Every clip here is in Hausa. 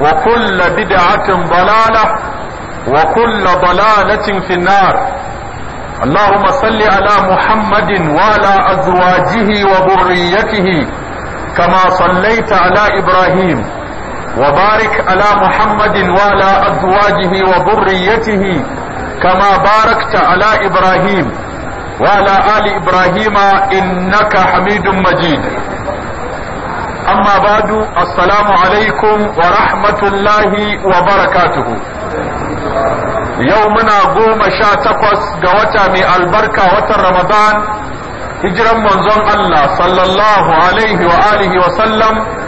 وكل بدعة ضلالة وكل ضلالة في النار اللهم صل على محمد وعلى أزواجه وذريته كما صليت على إبراهيم وبارك على محمد وعلى أزواجه وذريته كما باركت على إبراهيم وعلى آل إبراهيم إنك حميد مجيد أما بعد السلام عليكم ورحمة الله وبركاته يومنا قوم شاتقس قوتا من البركة وتر رمضان هجرا منظم الله صلى الله عليه وآله وسلم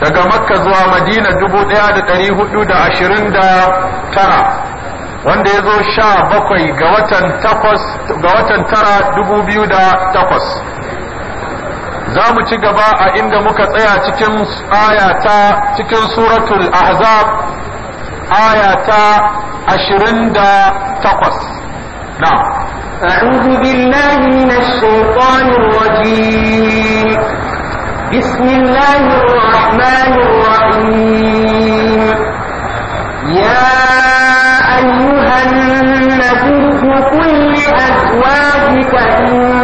daga makka zuwa madina dubu ɗaya da ɗari hudu da ashirin da tara wanda ya zo sha bakwai ga watan tara dubu biyu da takwas za mu ci gaba a inda muka tsaya cikin ayata cikin suratul ahzab ayata ashirin da takwas na أعوذ بالله من الشيطان الرجيم بسم الله الرحمن الرحيم يا أيها النبي كل أزواجك إن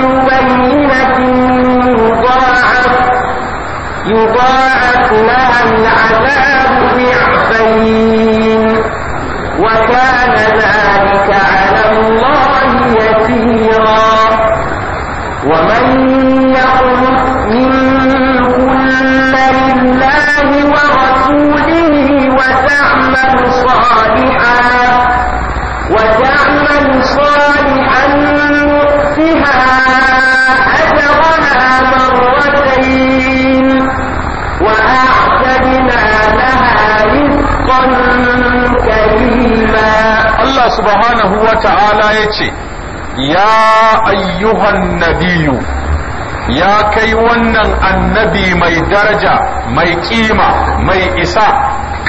وأضاعت لها العذاب ضعفين وكان ذلك على الله يسيرا ومن يقنط منكن لله ورسوله وتعمل صالحا subhanahu wa ta'ala ya ce ya ayyuhan nabiyu ya kai wannan annabi mai daraja mai kima mai isa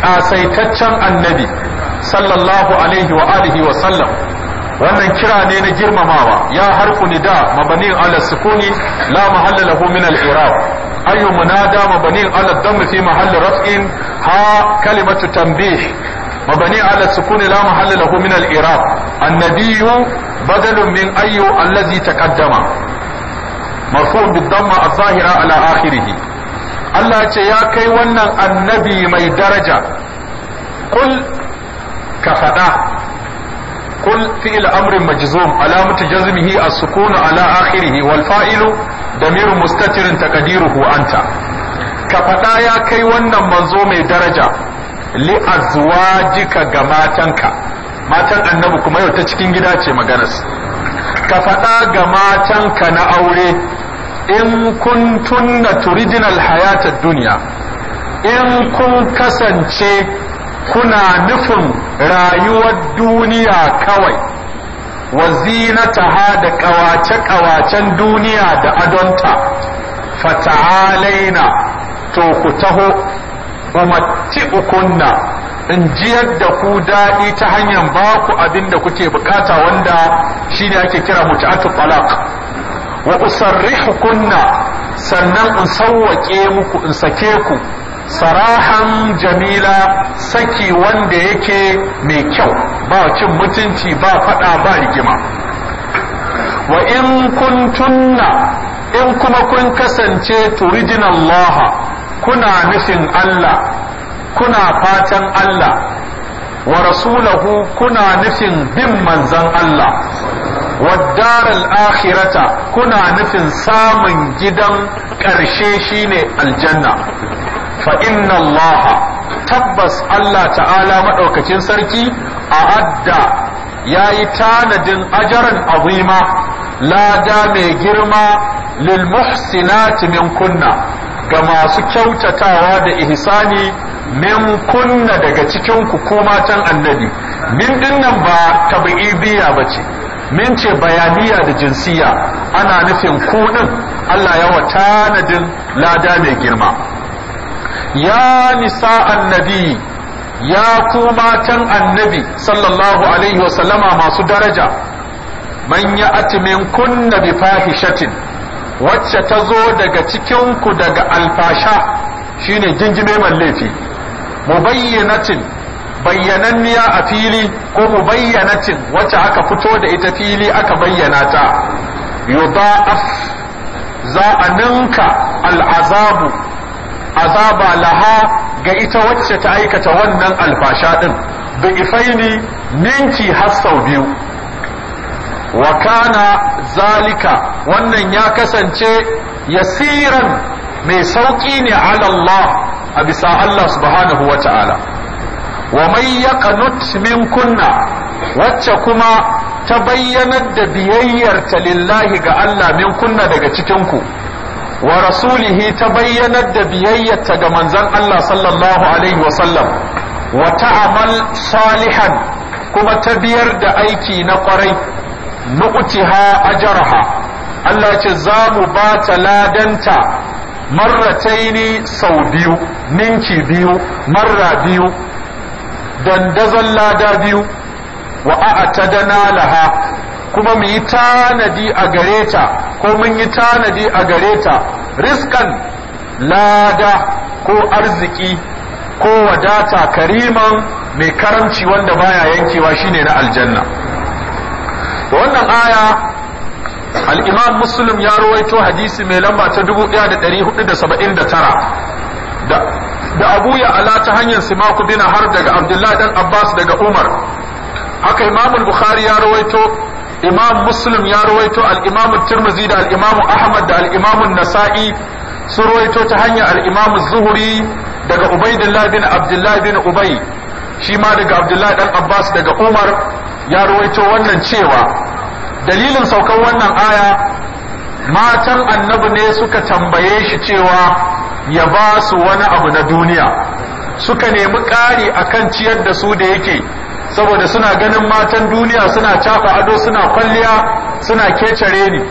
kasaitaccen annabi sallallahu alaihi wa alihi wa sallam wannan kira ne na girmamawa ya harfu nida mabanin ala sukuni la mahalla lahu min al da ma منادى مبني على الضم في محل رفع kalima كلمة تنبيه مبني على السكون لا محل له من الإعراب النبي بدل من أي الذي تقدم مرفوع بالضمة الظاهرة على آخره Allah ce ya kai wannan annabi mai daraja kul ka faɗa kul fi'il amrin majzum alamatu jazmihi as-sukunu ala akhirih wal fa'ilu damir mustatirin anta ka faɗa ya kai wannan manzo mai daraja li azwajika ga matanka matan annabi kuma yau ta cikin gida ce maganas ka faɗa ga matanka na aure in kuntunna turidinal hayatar duniya in kun kasance kuna nufin rayuwar duniya kawai wa zinataha da ƙawace-ƙawacen duniya da adonta fata'alaina to ku taho ukunna in jiyar da ku daɗi ta hanyar ba ku abin da kuke bukata wanda shine ake kira mutu'atu talaq wa usarrihukunna sannan in sauwaƙe muku in sake ku sarahan jamila saki wanda yake mai kyau ba cin mutunci ba faɗa ba rigima wa in kuntunna in kuma kun kasance turidin Allah kuna nufin Allah kuna fatan Allah wa rasulahu kuna nufin bin manzan Allah waddaral akhirata kuna nufin samun gidan ƙarshe shine aljanna fa inna Allah tabbas Allah ta'ala maɗaukacin sarki a adda ya yi tanadin ajaran azima lada mai girma lil muhsinati min kunna ga masu kyautatawa da ihsani min kunna daga cikin ku ko matan annabi min dinnan ba tabi'idiyya bace min ce bayaniya da jinsiya ana nufin ku din Allah ya tanadin lada mai girma ya nisa annabi ya ku matan annabi sallallahu alaihi wasallama masu daraja man ya ati min kunna bi fahishatin wacce ta zo daga cikinku daga alfasha shine gingime man laifi mubayyanatin bayyananniya a fili ko mu mubayyanatin wacce aka fito da ita fili aka bayyana ta yudha'af za a ninka al'azabu azaba laha ga ita wacce ta aikata wannan alfasha din bi ifaini ninki har sau biyu wa kana zalika wannan ya kasance yasiran mai sauƙi ne ala Allah a bisa Allah subhanahu wa ta'ala wa mai yaqnut min kunna wacce kuma ta bayyanar da biyayyarta lillahi ga Allah min kunna daga cikinku wa rasulihi ta bayyanar da biyayyarta ga manzon Allah sallallahu alaihi wa sallam wa salihan kuma ta biyar da aiki na kwarai nuqtiha ajraha Allah ce za mu ba ta ladanta marrataini sau biyu ninki biyu marra biyu dandazon lada biyu wa a'tadana laha kuma mu yi tanadi a gare ta ko mun yi tanadi a gare ta riskan lada ko arziki ko wadata kariman mai karamci wanda baya yankewa shine na aljanna Da wannan aya al-imam ya rawaito hadisi mai lamba ta 1479 da da abu ya ala ta hanyar simaku dina har daga abdullahi dan abbas daga umar haka imam bukhari ya rawaito imam muslim ya rawaito al-imam da al ahmad da al'imamun imam nasa'i su rawaito ta hanyar al zuhuri daga ubaidillah bin abdullahi bin ubay shi ma daga abdullahi dan abbas daga umar ya ruwaito wannan cewa dalilin saukan wannan aya matan annabi ne suka tambaye shi cewa ya ba su wani abu na duniya suka nemi ƙari a kan ciyar da su da yake saboda suna ganin matan duniya suna cafa ado suna kwalliya suna kecare ni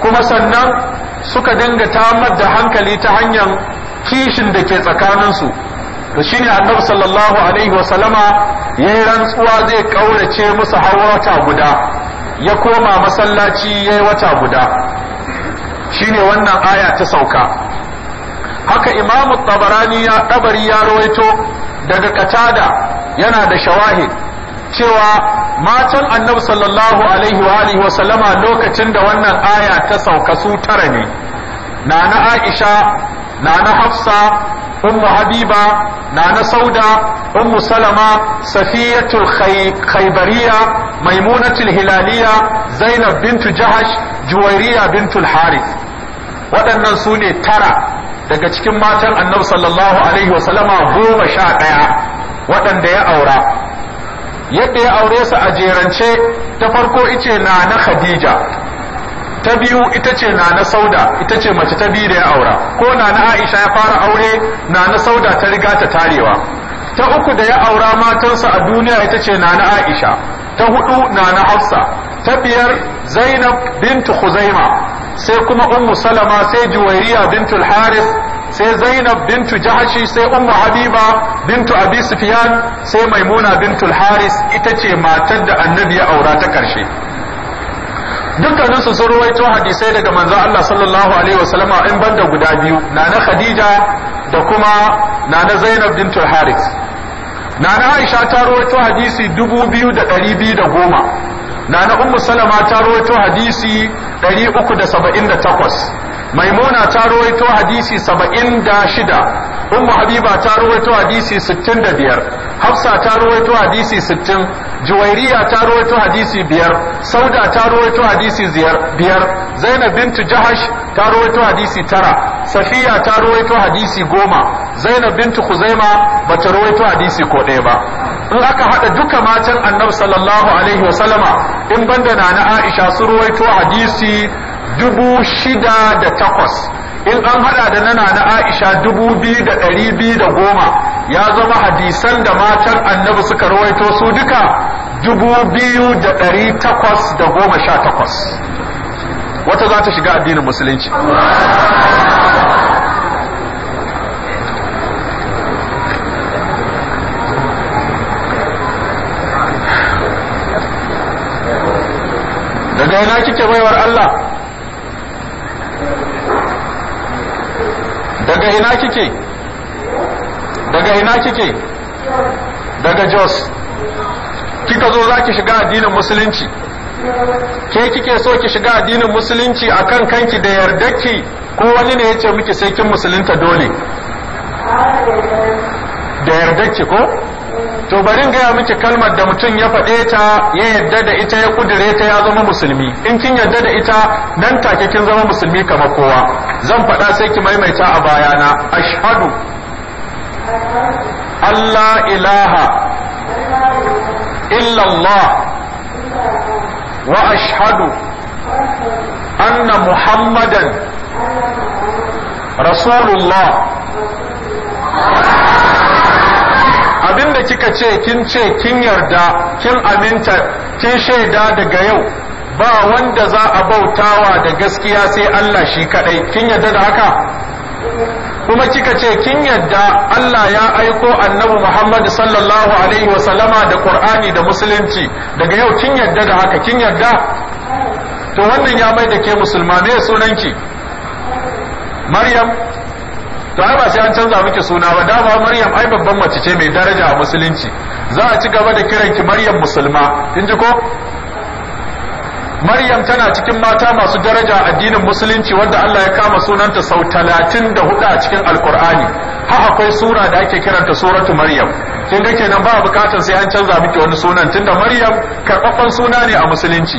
kuma sannan suka dinga tamar da hankali ta hanyar kishin da ke tsakaninsu to shine annabi sallallahu alaihi wa sallama yi rantsuwa zai ƙaurace musu har wata guda ya koma masallaci ya yi wata guda shine wannan aya ta sauka haka imamu tabarani ya tabari ya rawaito daga katada yana da shawahi. cewa matan annabi sallallahu alaihi wa alihi wa sallama lokacin da wannan aya ta sauka su tara ne na na aisha na na hafsa ummu habiba na na sauda ummu salama safiyatul khaibariya maimunatul hilaliya zainab bintu jahash juwairiya bintul harith waɗannan su ne tara daga cikin matan annabi sallallahu goma sha ɗaya waɗanda ya aura yadda ya aure su a jerance ta farko ice na na khadija ta biyu ita ce na na sauda ita ce mace ta biyu da ya aura ko na na aisha ya fara aure na na sauda ta riga ta tarewa ta uku da ya aura matansa a duniya ita ce na na aisha ta hudu na na hafsa ta biyar zainab bintu khuzaima sai kuma ummu salama sai juwairiya Bintu haris sai zainab bintu jahashi sai ummu habiba bintu abi sai maimuna Bintu haris ita ce matar da annabi ya aura ta karshe dukkanin su sun ruwaito hadisai daga manzon Allah sallallahu alaihi wasallama in banda guda biyu nana Khadija da kuma nana Zainab bintul Harith nana Aisha ta ruwaito hadisi 2210 nana Ummu Salama ta ruwaito hadisi 378 maimuna ta rawaito hadisi saba'in da shida ummu habiba ta rawaito hadisi sittin da biyar hafsa ta rawaito hadisi sittin juwairiya ta rawaito hadisi biyar sauda ta rawaito hadisi biyar zainab bintu jahash ta rawaito hadisi tara safiya ta rawaito hadisi goma zainab bintu khuzaima ba ta rawaito hadisi ko ɗaya ba in aka hada duka matan annabi sallallahu alaihi wasallama in banda na na aisha su rawaito hadisi dubu shida da takwas in an hada da nana na aisha dubu biyu da ɗari biyu da goma ya zama hadisan da matan annabi suka rawaito su duka dubu biyu da ɗari takwas da goma sha takwas wata za ta shiga addinin musulunci daga yana kike baiwar Allah daga ina kike daga ina kike daga jos kika zo za ki shiga addinin musulunci ke kike so ki shiga addinin musulunci akan kanki da yardarki ko wani ne ya ce miki sai kin musulunta dole da yardarki ko to barin gaya miki kalmar da mutum ya faɗe ta ya yadda da ita ya kudure ta ya zama musulmi in kin yadda da ita nan take kin zama musulmi kamar kowa zan faɗa sai ki maimaita a bayana ashhadu Allah ilaha illallah wa ashhadu anna muhammadan rasulullah abin da kika ce kin ce kin yarda kin aminta kin shaida daga yau ba wanda za a bautawa da gaskiya sai Allah shi kadai kin yarda da haka kuma kika ce kin yarda Allah ya aiko annabi Muhammad sallallahu alaihi wa sallama da Qur'ani da musulunci daga yau kin yarda da haka kin yarda to wannan ya mai da ke musulma ne sunanki Maryam to ai ba sai an canza miki suna ba da ba Maryam ai babban mace ce mai daraja a musulunci za a ci gaba da kiran ki Maryam musulma kin ji ko Maryam tana cikin mata masu daraja a addinin musulunci wanda Allah ya kama sunanta sau 34 a cikin Alkur'ani har akwai sura da ake kiranta suratu Maryam kin ga kenan ba bukatar sai an canza miki wani sunan tunda Maryam karɓaɓɓen suna ne a musulunci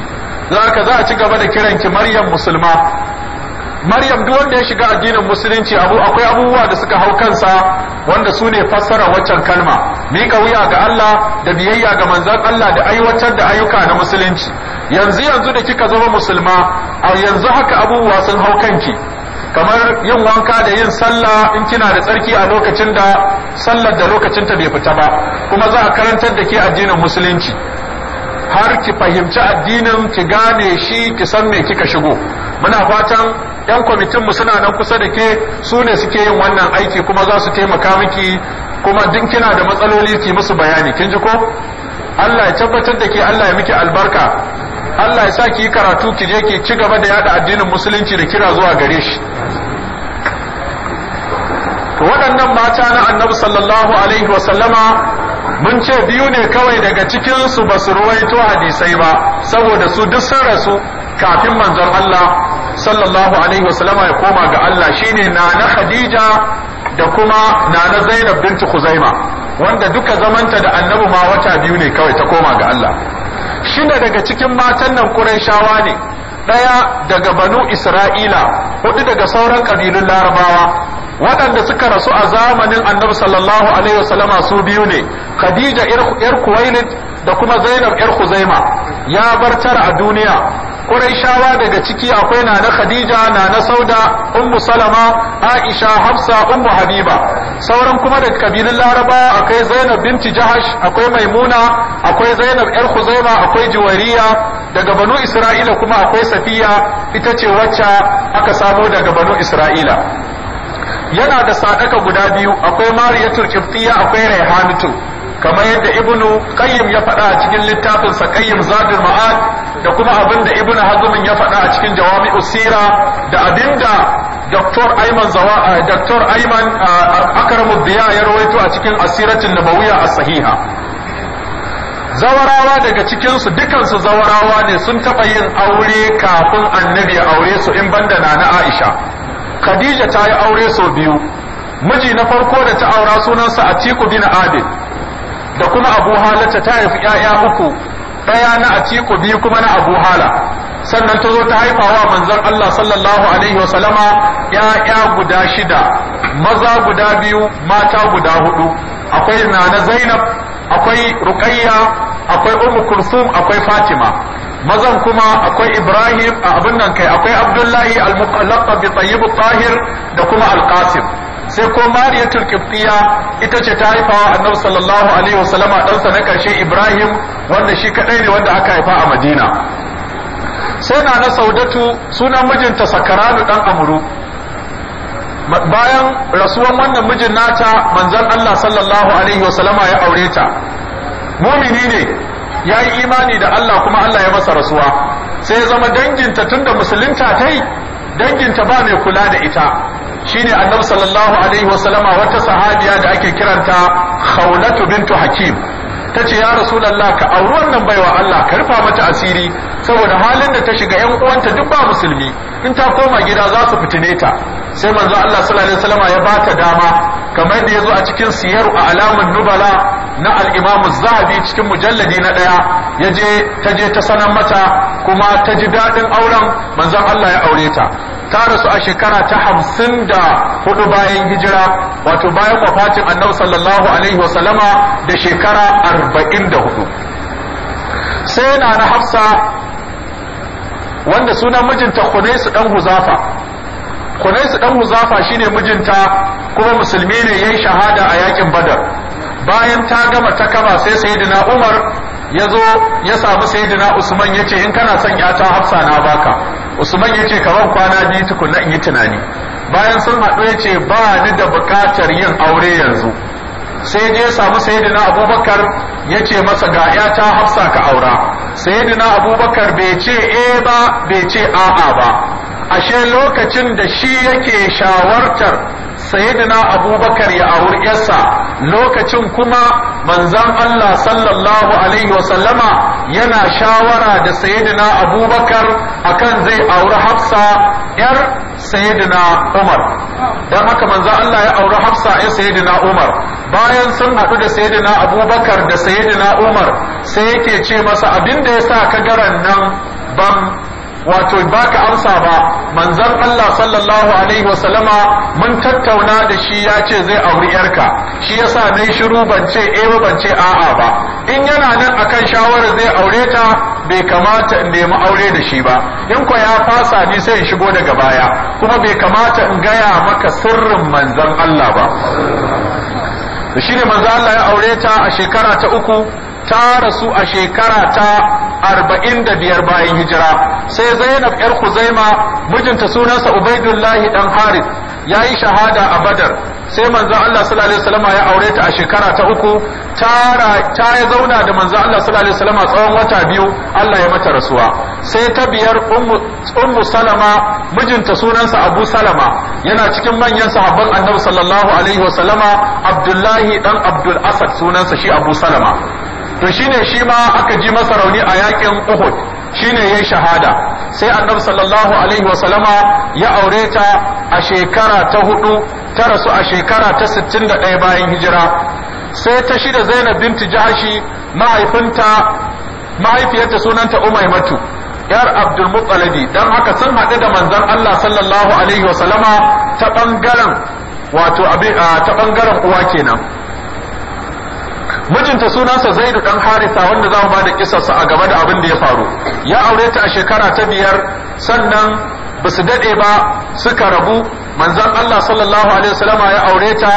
za ka za a ci gaba da kiranki Maryam musulma Maryam duk wanda ya shiga addinin musulunci abu akwai abubuwa da suka hau kansa wanda su ne fassara waccan kalma miƙa wuya ga Allah da biyayya ga manzon Allah da aiwatar da ayyuka na musulunci yanzu yanzu da kika zama musulma a yanzu haka abubuwa sun hau kanki kamar yin wanka da yin sallah in kina da tsarki a lokacin da sallar da lokacin ta bai fita ba kuma za a karantar da ke addinin musulunci har ki fahimci addinin ki gane shi ki san me kika shigo muna fatan yan kwamitinmu suna nan kusa da ke su ne suke yin wannan aiki kuma za su taimaka miki kuma duk kina da matsaloli ki musu bayani kin ji ko Allah ya tabbatar da ke Allah ya miki albarka Allah ya sa ki karatu ki je ki ci gaba da yada addinin musulunci da kira zuwa gare shi to waɗannan mata na annabi sallallahu alaihi wa sallama mun ce biyu ne kawai daga cikin su basu ruwaito hadisai ba saboda su duk sun rasu kafin manzon Allah sallallahu alaihi wasallam ya koma ga Allah shine na Khadija da kuma nana Zainab bintu Khuzaima wanda duka zamanta da annabi ma wata biyu ne kawai ta koma ga Allah shida daga cikin matan nan Qurayshawa ne daya daga Banu Isra'ila hudu daga sauran kabilun Larabawa waɗanda suka rasu a zamanin annabi sallallahu alaihi wasallama su biyu ne Khadija yar Kuwailid da kuma Zainab yar Khuzaima ya bar tara a duniya Qurayshawa daga ciki akwai na na Khadija, na na Sauda, Ummu Salama, Aisha, Hafsa, Ummu Habiba. Sauran kuma daga kabilun Laraba akwai Zainab binti Jahash, akwai Maimuna, akwai Zainab yar Khuzaima, akwai Juwariya, daga Banu Isra'ila kuma akwai Safiya, ita ce wacce aka samo daga Banu Isra'ila. Yana da sadaka guda biyu, akwai Mariyatul Qibtiyya, akwai Rayhanatu. kamar yadda ibnu qayyim ya faɗa a cikin littafin sa qayyim zadul ma'ad da kuma abin da ibn ya faɗa a cikin jawami usira da abinda dr ayman zawa eh, dr ayman eh, akramu biya ya rawaito a cikin asiratin nabawiyya as-sahiha zawarawa daga cikin su dukan su zawarawa ne sun taɓa yin aure kafin annabi ya aure su in banda na na aisha khadija ta yi aure sau biyu miji na farko da ta aura sunansa atiku bin abid da kuma abu halatta ta haifi 'ya'ya uku ɗaya na atiku biyu kuma na abu hala sannan ta zo ta haifa wa manzon Allah sallallahu alaihi wa guda shida maza guda biyu mata guda hudu akwai nana Zainab akwai Ruqayya akwai Ummu Kulsum akwai Fatima mazan kuma akwai Ibrahim a abin nan kai akwai Abdullahi al-Muqallab bi Tayyib tahir da kuma Al-Qasim sai ko mariyatul kiftiya ita ce ta haifa wa annabi sallallahu alaihi wasallama ɗansa na ƙarshe ibrahim wanda shi kaɗai ne wanda aka haifa a madina sai na na saudatu sunan mijinta sakaranu ɗan amuru bayan rasuwan wannan mijin nata manzon allah sallallahu alaihi wasallama ya aure ta mumini ne ya yi imani da allah kuma allah ya masa rasuwa sai ya zama danginta tunda musulunta ta yi danginta ba mai kula da ita shine annabi sallallahu alaihi wasallama wata sahabiya da ake kiranta khawlatu bintu hakim tace ya rasulullah ka auri wannan baiwa Allah ka rufa mata asiri saboda halin da ta shiga yan uwanta duk ba musulmi in ta koma gida za su fitine ta sai manzo Allah sallallahu alaihi wasallama ya bata dama kamar da yazo a cikin siyaru a alamun nubala na al-Imam zahabi cikin mujalladi na daya yaje ta je ta sanar mata kuma ta ji dadin auren manzon Allah ya aure ta ta rasu a shekara ta hamsin da hudu bayan hijira wato bayan wafatin annabi sallallahu alaihi wasallama da shekara arba'in da hudu sai yana na hafsa wanda sunan mijinta kunaisu dan huzafa kunaisu dan huzafa shine mijinta kuma musulmi ne yayi shahada a yakin badar bayan ta gama ta kama sai sayyidina umar ya zo ya samu sayyidina usman ya ce in kana son yata hafsa na baka usman ya ce kamar kwana biyu tukuna in yi tunani bayan sun haɗu ya ce ba ni da buƙatar yin aure yanzu sai je samu sayyidina abubakar ya ce masa ga ya ta hafsa ka aura sayyidina abubakar bai ce e ba bai ce a'a ba ashe lokacin da shi yake shawartar sayyidina abubakar ya auri yarsa lokacin kuma manzan Allah sallallahu alaihi wasallama yana shawara da sayyidina abubakar akan zai auri hafsa yar sayyidina umar dan haka manzan Allah ya auri hafsa yar sayyidina umar bayan sun haɗu da sayyidina abubakar da sayyidina umar sai yake ce masa abin da ya sa ka garan nan ban wato baka amsa ba manzon Allah sallallahu alaihi wasallama mun tattauna da shi ya ce zai auri yarka shi yasa nayi shiru ban ce eh ba ban ce a'a ba in yana nan akan shawara zai aure ta bai kamata in nemi aure da shi ba in ko ya fasa ni sai in shigo daga baya kuma bai kamata in gaya maka sirrin manzan Allah ba shi ne manzo Allah ya aure ta a shekara ta uku ta rasu a shekara ta arba'in da biyar bayan hijira sai zainab yar huzaima mijinta sunansa ubaidullahi dan harith ya yi shahada a badar sai manzo Allah sallallahu alaihi wasallam ya aure ta a shekara ta uku tara ta ya zauna da manzo Allah sallallahu alaihi wasallam tsawon wata biyu Allah ya mata rasuwa sai ta biyar ummu ummu salama mijinta sunansa Abu Salama yana cikin manyan sahabban Annabi sallallahu alaihi wasallama Abdullahi dan Abdul Asad sunansa shi Abu Salama to shine shi ma aka ji masa rauni a yakin Uhud shine yayi shahada sai annabi sallallahu alaihi wa sallama ya aure ta a shekara ta hudu ta rasu a shekara ta 61 bayan hijira sai ta shida Zainab binti Jahashi mahaifinta mahaifiyarta sunanta Umaymatu yar Abdul Muttalibi dan haka sun haɗu da manzon Allah sallallahu alaihi wa sallama ta bangaren wato ta bangaren uwa kenan mijinta sunansa zaidu dan harisa wanda za mu ba da kisarsa a game da abin da ya faru ya aure ta a shekara ta biyar sannan ba su daɗe ba suka rabu manzon Allah sallallahu alaihi wasallama ya aure ta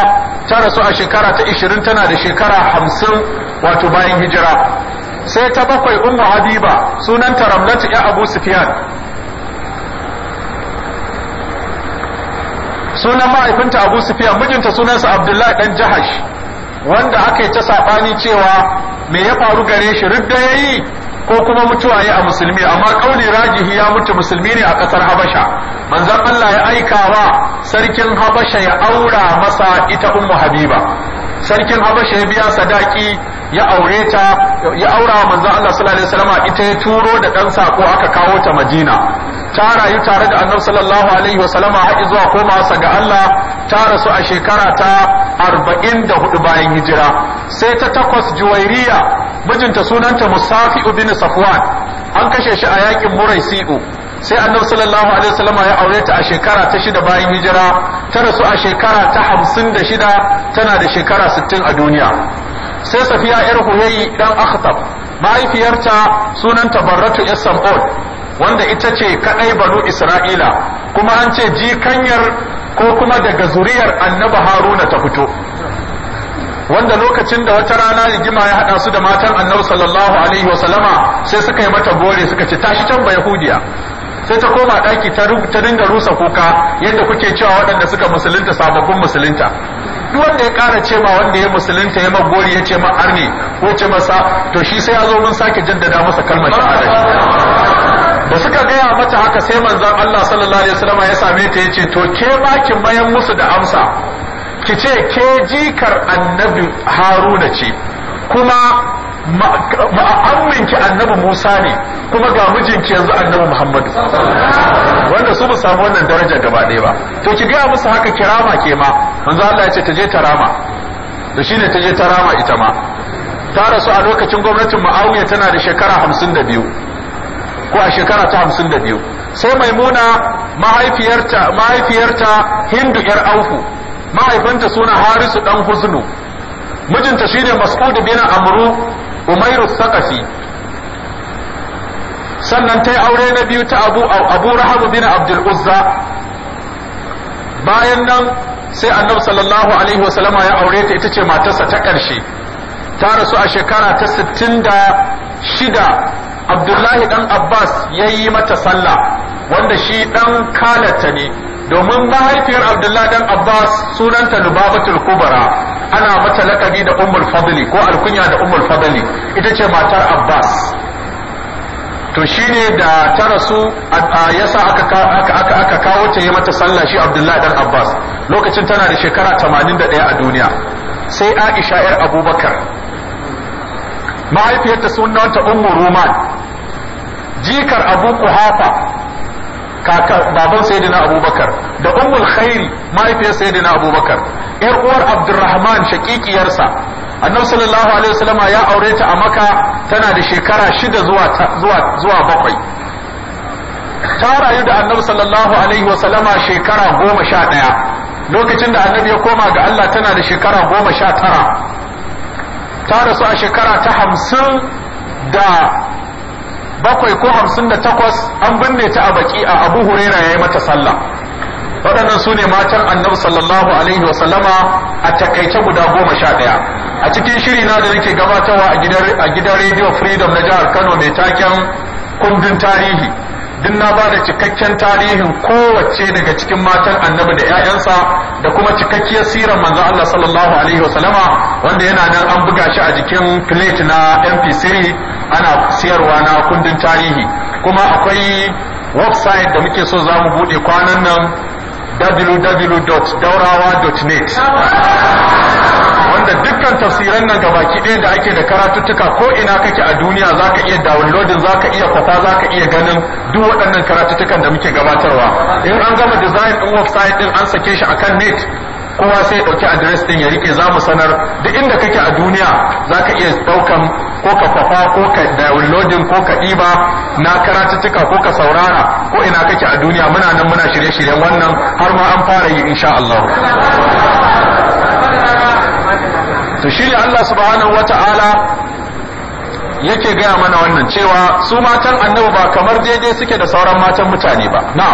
ta rasu a shekara ta 20 tana da shekara 50 wato bayan hijira sai ta bakwai ummu habiba sunanta ramlatu ya abu sufyan sunan mahaifinta abu sufyan mijinta sunansa abdullahi dan jahash wanda aka yi ta saɓani cewa me ya faru gare shi rudda ya yi ko kuma mutuwa ya a musulmi amma kauli rajihi ya mutu musulmi ne a kasar habasha manzon Allah ya aika wa sarkin habasha ya aura masa ita ummu habiba sarkin habasha ya biya sadaki ya aure ta ya aura manzon Allah sallallahu alaihi wasallam ita ya turo da dan sako aka kawo ta Madina ta rayu tare da Annabi sallallahu alaihi wasallam har zuwa sa ga Allah ta rasu a shekara ta 44 bayan hijira sai ta takwas Juwairiya mijinta sunanta musafi bin safwan an kashe shi a yakin muraisi'u sai annabi sallallahu alaihi wasallam ya aure ta a shekara ta shida bayan hijira ta rasu a shekara ta hamsin da shida tana da shekara sittin a duniya sai safiya yar huyayi dan akhtab mahaifiyarta sunanta barratu yasam'ud wanda ita ce kadai banu isra'ila kuma an ce jikanyar ko kuma daga zuriyar annabi haruna ta fito wanda lokacin da wata rana rigima ya haɗa su da matan annabi sallallahu alaihi wasallama sai suka yi mata gore suka ce tashi can ba yahudiya sai ta koma ɗaki ta dinga rusa kuka yadda kuke cewa waɗanda suka musulunta sababbin musulunta duk wanda ya kara ce wanda ya musulunta ya magori ya ce ma arni ko ce masa to shi sai ya zo mun sake jaddada masa kalmar shahada da suka gaya mata haka sai manzon Allah sallallahu alaihi wasallam ya same ta yace to ke bakin bayan musu da amsa ki ce ke jikar annabi haruna ce kuma ma'amminki annabi musa ne kuma ga mijinki yanzu annabi muhammadu wanda su ba samu wannan darajar gaba ɗaya ba to ki gaya musu haka kirama ke ma manzo Allah ya ce ta je ta rama da shine ta je ta rama ita ma ta rasu a lokacin gwamnatin ma'awiya tana da shekara hamsin da biyu ko a shekara ta hamsin da biyu sai maimuna mahaifiyarta mahaifiyarta hindu yar aufu mahaifanta suna harisu dan huznu mijinta shine mas'ud bin amru umairu thaqafi sannan ta aure na biyu ta abu abu rahab bin abdul uzza bayan nan sai annabi sallallahu alaihi wasallama ya aure ta ita ce matarsa ta ƙarshe ta rasu a shekara ta 66 abdullahi dan abbas yayi mata sallah wanda shi dan kalata ne domin mahaifiyar abdullahi dan abbas sunanta lubabatul kubara ana mata lakabi da ummul fadli ko alkunya da ummul fadli ita ce matar abbas to shine da ta rasu yasa aka aka aka kawo ta yi mata sallah shi abdullahi dan abbas lokacin tana da shekara 81 a duniya sai aisha yar abubakar mahaifiyarta sunanta ummu ruman jikar abu kuhafa kaka baban sayyidina abubakar da ummul khairi mahaifiyar sayyidina abubakar yar uwar abdurrahman shakikiyarsa annabi sallallahu alaihi wasallama ya aure ta a maka tana da shekara shida zuwa zuwa zuwa bakwai ta rayu da annabi sallallahu alaihi wasallama shekara goma sha ɗaya lokacin da annabi ya koma ga Allah tana da shekara goma sha tara ta rasu a shekara ta hamsin da bakwai ko hamsin da takwas an binne ta a baki a abu huraira ya yi mata sallah waɗannan su ne matan annabi sallallahu alaihi wasallama a takaice guda goma sha ɗaya a cikin shiri na da nake gabatarwa a gidan rediyo freedom na jihar kano mai taken kundin tarihi duk na ba da cikakken tarihin kowace daga cikin matan annabi da 'ya'yansa da kuma cikakkiyar siran manzo Allah sallallahu alaihi wasallama wanda yana nan an buga shi a jikin plate na MP3 ana siyarwa na kundin tarihi kuma akwai website da muke so za mu buɗe kwanan nan www.daurawa.net wanda dukkan tafsiran nan ga baki ɗaya da ake da karatuttuka ko ina kake a duniya za ka iya downloading ka iya za ka iya ganin duk waɗannan karatuttukan da muke gabatarwa in an gama design ɗin website ɗin an sake shi akan net kowa sai ɗauki adres ɗin ya rike za mu sanar duk inda kake a duniya za ka iya ɗaukan ko ka kwafa ko ka downloading ko ka ɗiba na karatuttuka ko ka saurara ko ina kake a duniya muna nan muna shirye-shiryen wannan har ma an fara yi insha Allah. To shi Allah subhanahu Wata'ala ta'ala yake gaya mana wannan cewa su matan annabi ba kamar daidai suke da sauran matan mutane ba na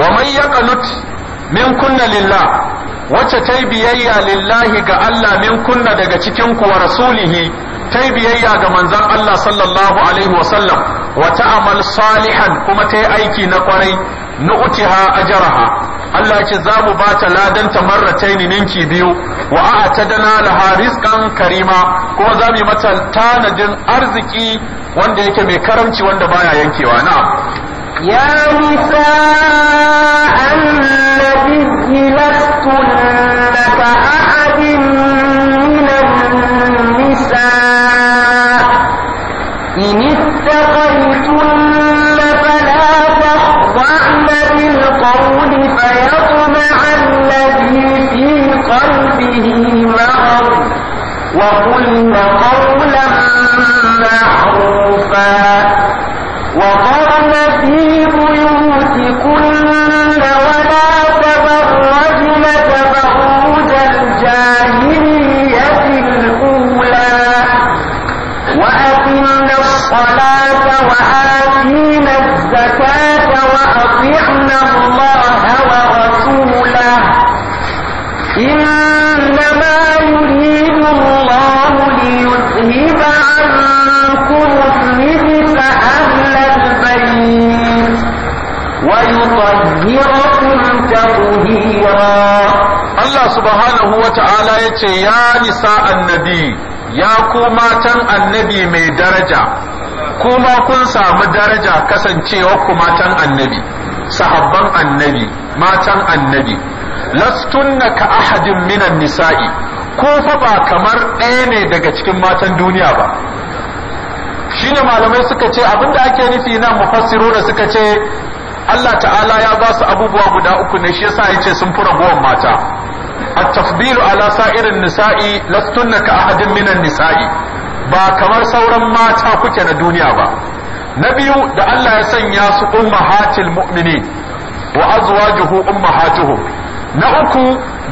wa man yaqlut min kunna lillah wacce ta biyayya lillahi ga Allah min kunna daga cikin kuwa rasulihi ta biyayya ga manzan Allah sallallahu alaihi wasallam wa amal salihan kuma ta yi aiki na kwarai nu'tiha ajraha Allah ce za mu ba ta ladanta marrataini ninki biyu wa a'tadana laha rizqan karima kuma za mu yi mata tanadin arziki wanda yake mai karamci wanda baya yankewa na'am يا نساء لستن كأحد من النساء إن اتقيتن تخضعن بالقول الذي في قلبه وقلن قولا الزكاة وأطعن الله ورسوله إنما يريد الله ليذهب عنكم الرجس أهل البيت ويطهركم تطهيرا الله سبحانه وتعالى يتي يا نساء النبي يا كو ماتن النبي من درجه kuma kun samu daraja kasancewa ku matan annabi sahabban annabi matan annabi lastunna ka ahadin minan nisa'i ko fa ba kamar ɗaya ne daga cikin matan duniya ba Shi ne malamai suka ce abinda ake nufi nan da suka ce Allah ta'ala ya ba su abubuwa guda uku ne shi yasa ce sun fi ragowar mata at-tafdilu ala sa'irin nisa'i lastunna ka ahadin minan nisa'i ba kamar sauran mata kuke na duniya ba na biyu da Allah ya sanya su ummahatil mu'minin wa azwajuhu ummahatuhum na uku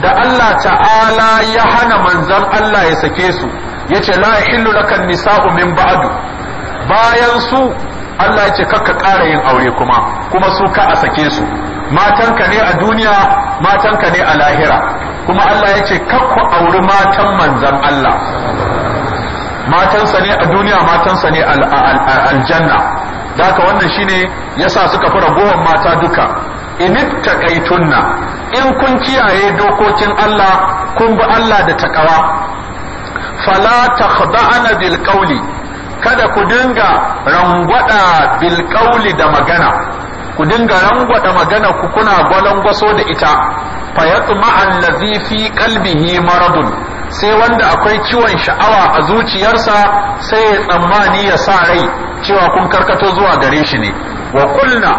da Allah ta'ala ya hana manzan Allah ya sake su yace la yahillu lakan nisa'u min ba'du bayan su Allah ya ce kakka ƙara yin aure kuma kuma su ka a sake su matanka ne a duniya matanka ne a lahira kuma Allah ya ce kakku auri matan manzan Allah matansa ne a duniya matansa ne aljanna daka wannan shine yasa suka fi ragowar mata duka init taqaitunna in kun kiyaye dokokin Allah kun bi Allah da takawa fala takhda'ana bil qawli kada ku dinga rangwada bil qawli da magana ku dinga rangwada magana ku kuna gwalangwaso da ita fa yatma allazi fi qalbihi maradun sai wanda akwai ciwon sha'awa a zuciyarsa sai ya tsammani ya sa rai cewa kun karkato zuwa gare shi ne wa kulna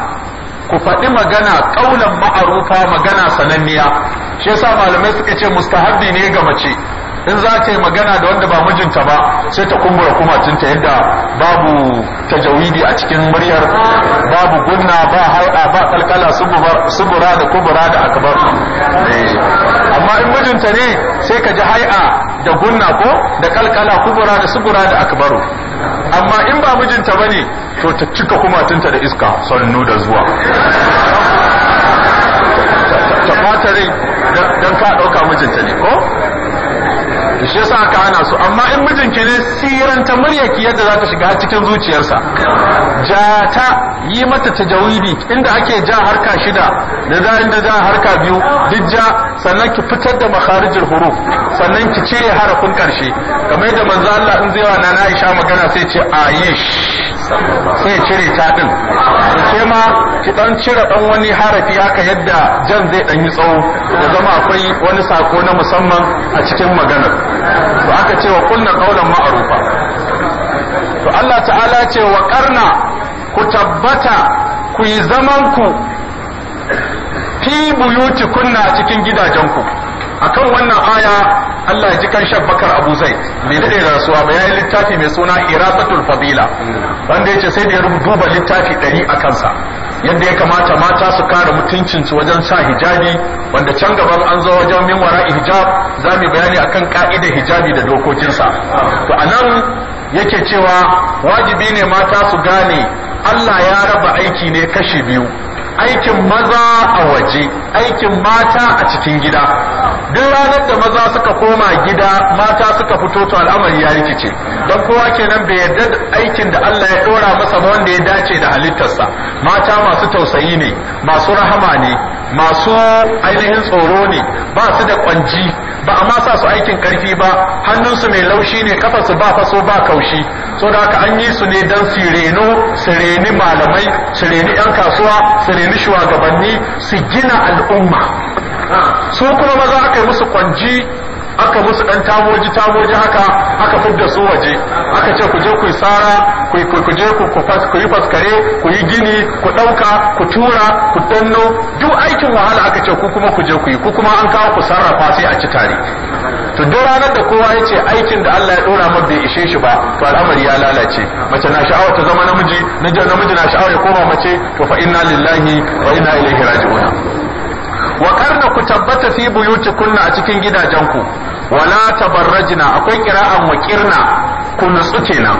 ku faɗi magana ƙaunar ma'arufa magana sananniya shi yasa malamai suka ce mustahabbi ne ga mace in za ta yi magana da wanda ba mijinta ba sai ta kumbura kumacinta yadda babu tajawidi a cikin muryar babu gunna ba hauɗa ba kalkala subura da kubura da akbar eh. amma in mijinta ne sai ka ji hai'a da gunna ko da kalkala kubura da subura da akbaru amma in ba mijinta bane to ta cika kumatunta da iska sannu da zuwa ta fata rai don ka ɗauka mijinta ne ko shi yasa aka hana su amma in mijinki ne siran ta siranta ki yadda za ta shiga cikin zuciyarsa ja ta yi mata tajawibi inda ake ja harka shida da za inda ja harka biyu duk ja sannan ki fitar da makharijul huruf sannan ki cire harafin karshe kamar da manzo Allah in zai wa nana Aisha magana sai ce ayish sai cire ta din sai ma ki dan cire dan wani harafi haka yadda jan zai dan yi tsawo da zama akwai wani sako na musamman a cikin magana to aka ce wa kunna kaulan ma'arufa. to Allah ta'ala ce wa karna ku tabbata ku yi zaman ku fi buyuti kunna cikin gidajenku akan wannan aya Allah ya ji kan shabbakar Abu Zaid mai dade da rasuwa ba yayin littafi mai suna Irasatul Fadila wanda yace sai da ya duba littafi ɗari a kansa yadda ya kamata mata su kare mutuncinsu wajen sa hijabi wanda can gaban an zo wajen min wara hijab za mu bayani akan ka'idar hijabi da dokokinsa to anan yake cewa wajibi ne mata su gane Allah ya raba aiki ne kashi biyu aikin maza a waje aikin mata a cikin gida duk ranar da maza suka koma gida mata suka fito to al'amari ya rikice don kowa kenan bai yarda aikin da Allah ya dora masa ba wanda ya dace da halittarsa mata masu tausayi ne masu rahama ne masu ainihin tsoro ne ba su da kwanji ba a sa su aikin karfi ba hannunsu mai laushi ne kafarsu ba faso ba kaushi so da haka an yi su ne don su reno su reni malamai su reni 'yan kasuwa su reni shugabanni su gina al'umma su kuma maza aka yi musu kwanji aka musu dan tamoji tamoji haka aka fidda su waje aka ce ku je ku sara ku je ku yi faskare ku yi gini ku dauka ku tura ku danno duk aikin wahala aka ce ku kuma ku je ku yi ku kuma an kawo ku sarrafa sai a ci tare to duk ranar da kowa ya ce aikin da Allah ya dora ma bai ishe shi ba to al'amari ya lalace mace na sha'awa ta zama namiji na namiji na sha'awa ya koma mace to fa inna lillahi wa inna ilaihi raji'un wa karna ku tabbata fi buyuti kunna a cikin gidajenku wala tabarrajna akwai kira'an wa kirna ku nutsu kenan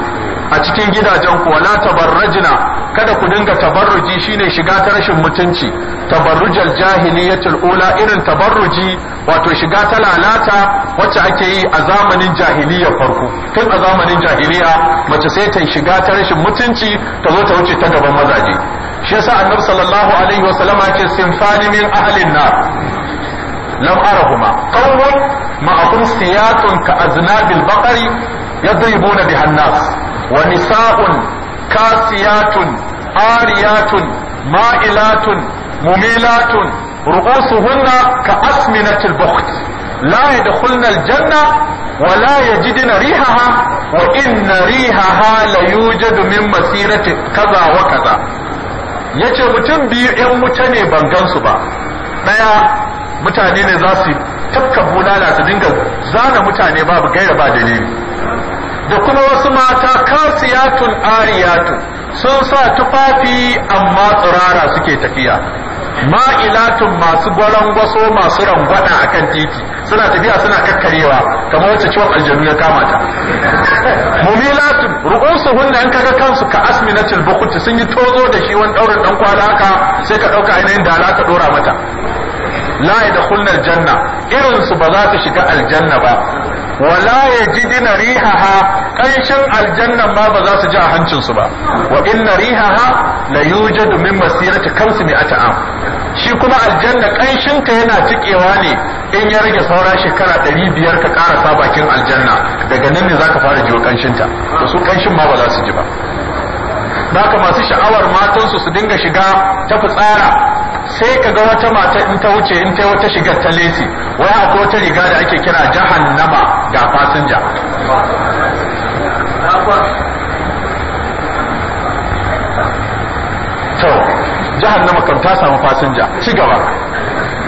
a cikin gidajenku wala tabarrajna kada ku dinga tabarruji shine shiga ta rashin mutunci tabarrujal jahiliyatul ula irin tabarruji wato shiga ta lalata wacce ake yi a zamanin jahiliya farko tun a zamanin jahiliya mace sai ta shiga ta rashin mutunci ta zo ta wuce ta gaban mazaje shi yasa annabi sallallahu alaihi wasallam ya ce sinfani min ahlin nar lam arahuma qawmun ma'ahum siyatun ka aznabil baqari yadribuna biha an-nas wa nisa'un kasiyatun ariyatun ma'ilatun mumilatun ru'usuhunna ka asminatil bukht la yadkhulna al-janna ولا يجدن ريحها وإن ريحها ليوجد من مسيرة كذا وكذا Yace mutum biyu ‘yan wuta ne ban gansu ba ɗaya mutane ne za su tafka bulala su dinga zana mutane babu gaira ba dalili da kuma wasu mata kasiyatun ariyatu sun sa tufafi amma tsirara suke tafiya ma'ilatun masu gwalangwaso masu rangwada akan titi suna tafiya suna kakkarewa kamar wacce ciwon aljanu ya kama ta mumilatun rukunsu hunna in ga kansu ka na cilbukuti sun yi tozo da shi wani daurin dan kwala haka sai ka ɗauka ainihin dala ka dora mata la da aljanna Janna, irinsu ba za su shiga aljanna ba wala yajidina rihaha ƙanshin aljanna ma ba za su ji a hancin su ba wa inna rihaha la yujadu min masirati kamsi mi shi kuma aljanna ƙanshinta yana cikewa ne in ya rage saura shekara 500 ka karasa bakin aljanna daga nan ne zaka fara jiwo kanshin ta to su kanshin ma ba za su ji ba haka masu sha'awar matansu su dinga shiga ta fitsara sai ka ga wata mata in ta wuce in ta wata shigar ta lesi wai akwai wata riga da ake kira jahannama ga fasinja to jahannama kam ta samu fasinja ci gaba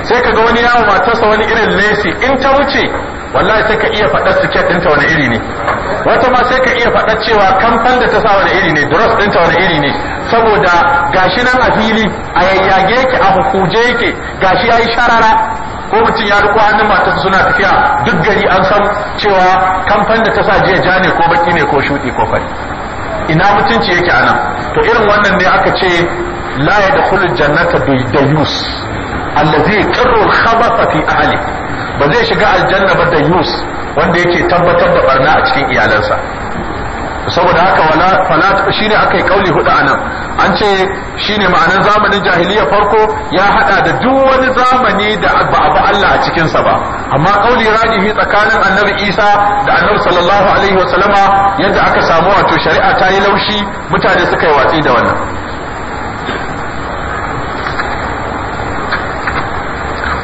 sai ka ga wani yawo matarsa wani irin lesi in ta wuce wallahi sai ka iya faɗar siket ɗinta wani iri ne wata ma sai ka iya faɗar cewa kamfan da ta sa wani iri ne dress ɗinta wani iri ne saboda gashi nan a fili a yayyage yake a hukuje yake gashi yi sharara ko mutum ya riko hannun matarsa suna tafiya duk gari an san cewa kamfan da ta sa jiya ja ne ko baki ne ko shuɗi ko fari ina mutunci yake ana to irin wannan ne aka ce la yadkhulul jannata bi dayus allazi yaqirru khabatha fi ahlihi ba zai shiga aljanna ba da yus wanda yake tabbatar da barna a cikin iyalansa saboda haka wala fala shine akai kauli hudu anan an ce shine ma'anar zamanin jahiliya farko ya hada da duk wani zamani da ba abu Allah a cikin sa ba amma kauli rajihi tsakanin annabi Isa da annabi sallallahu alaihi wasallama yadda aka samu wato shari'a ta yi laushi mutane suka yi watsi da wannan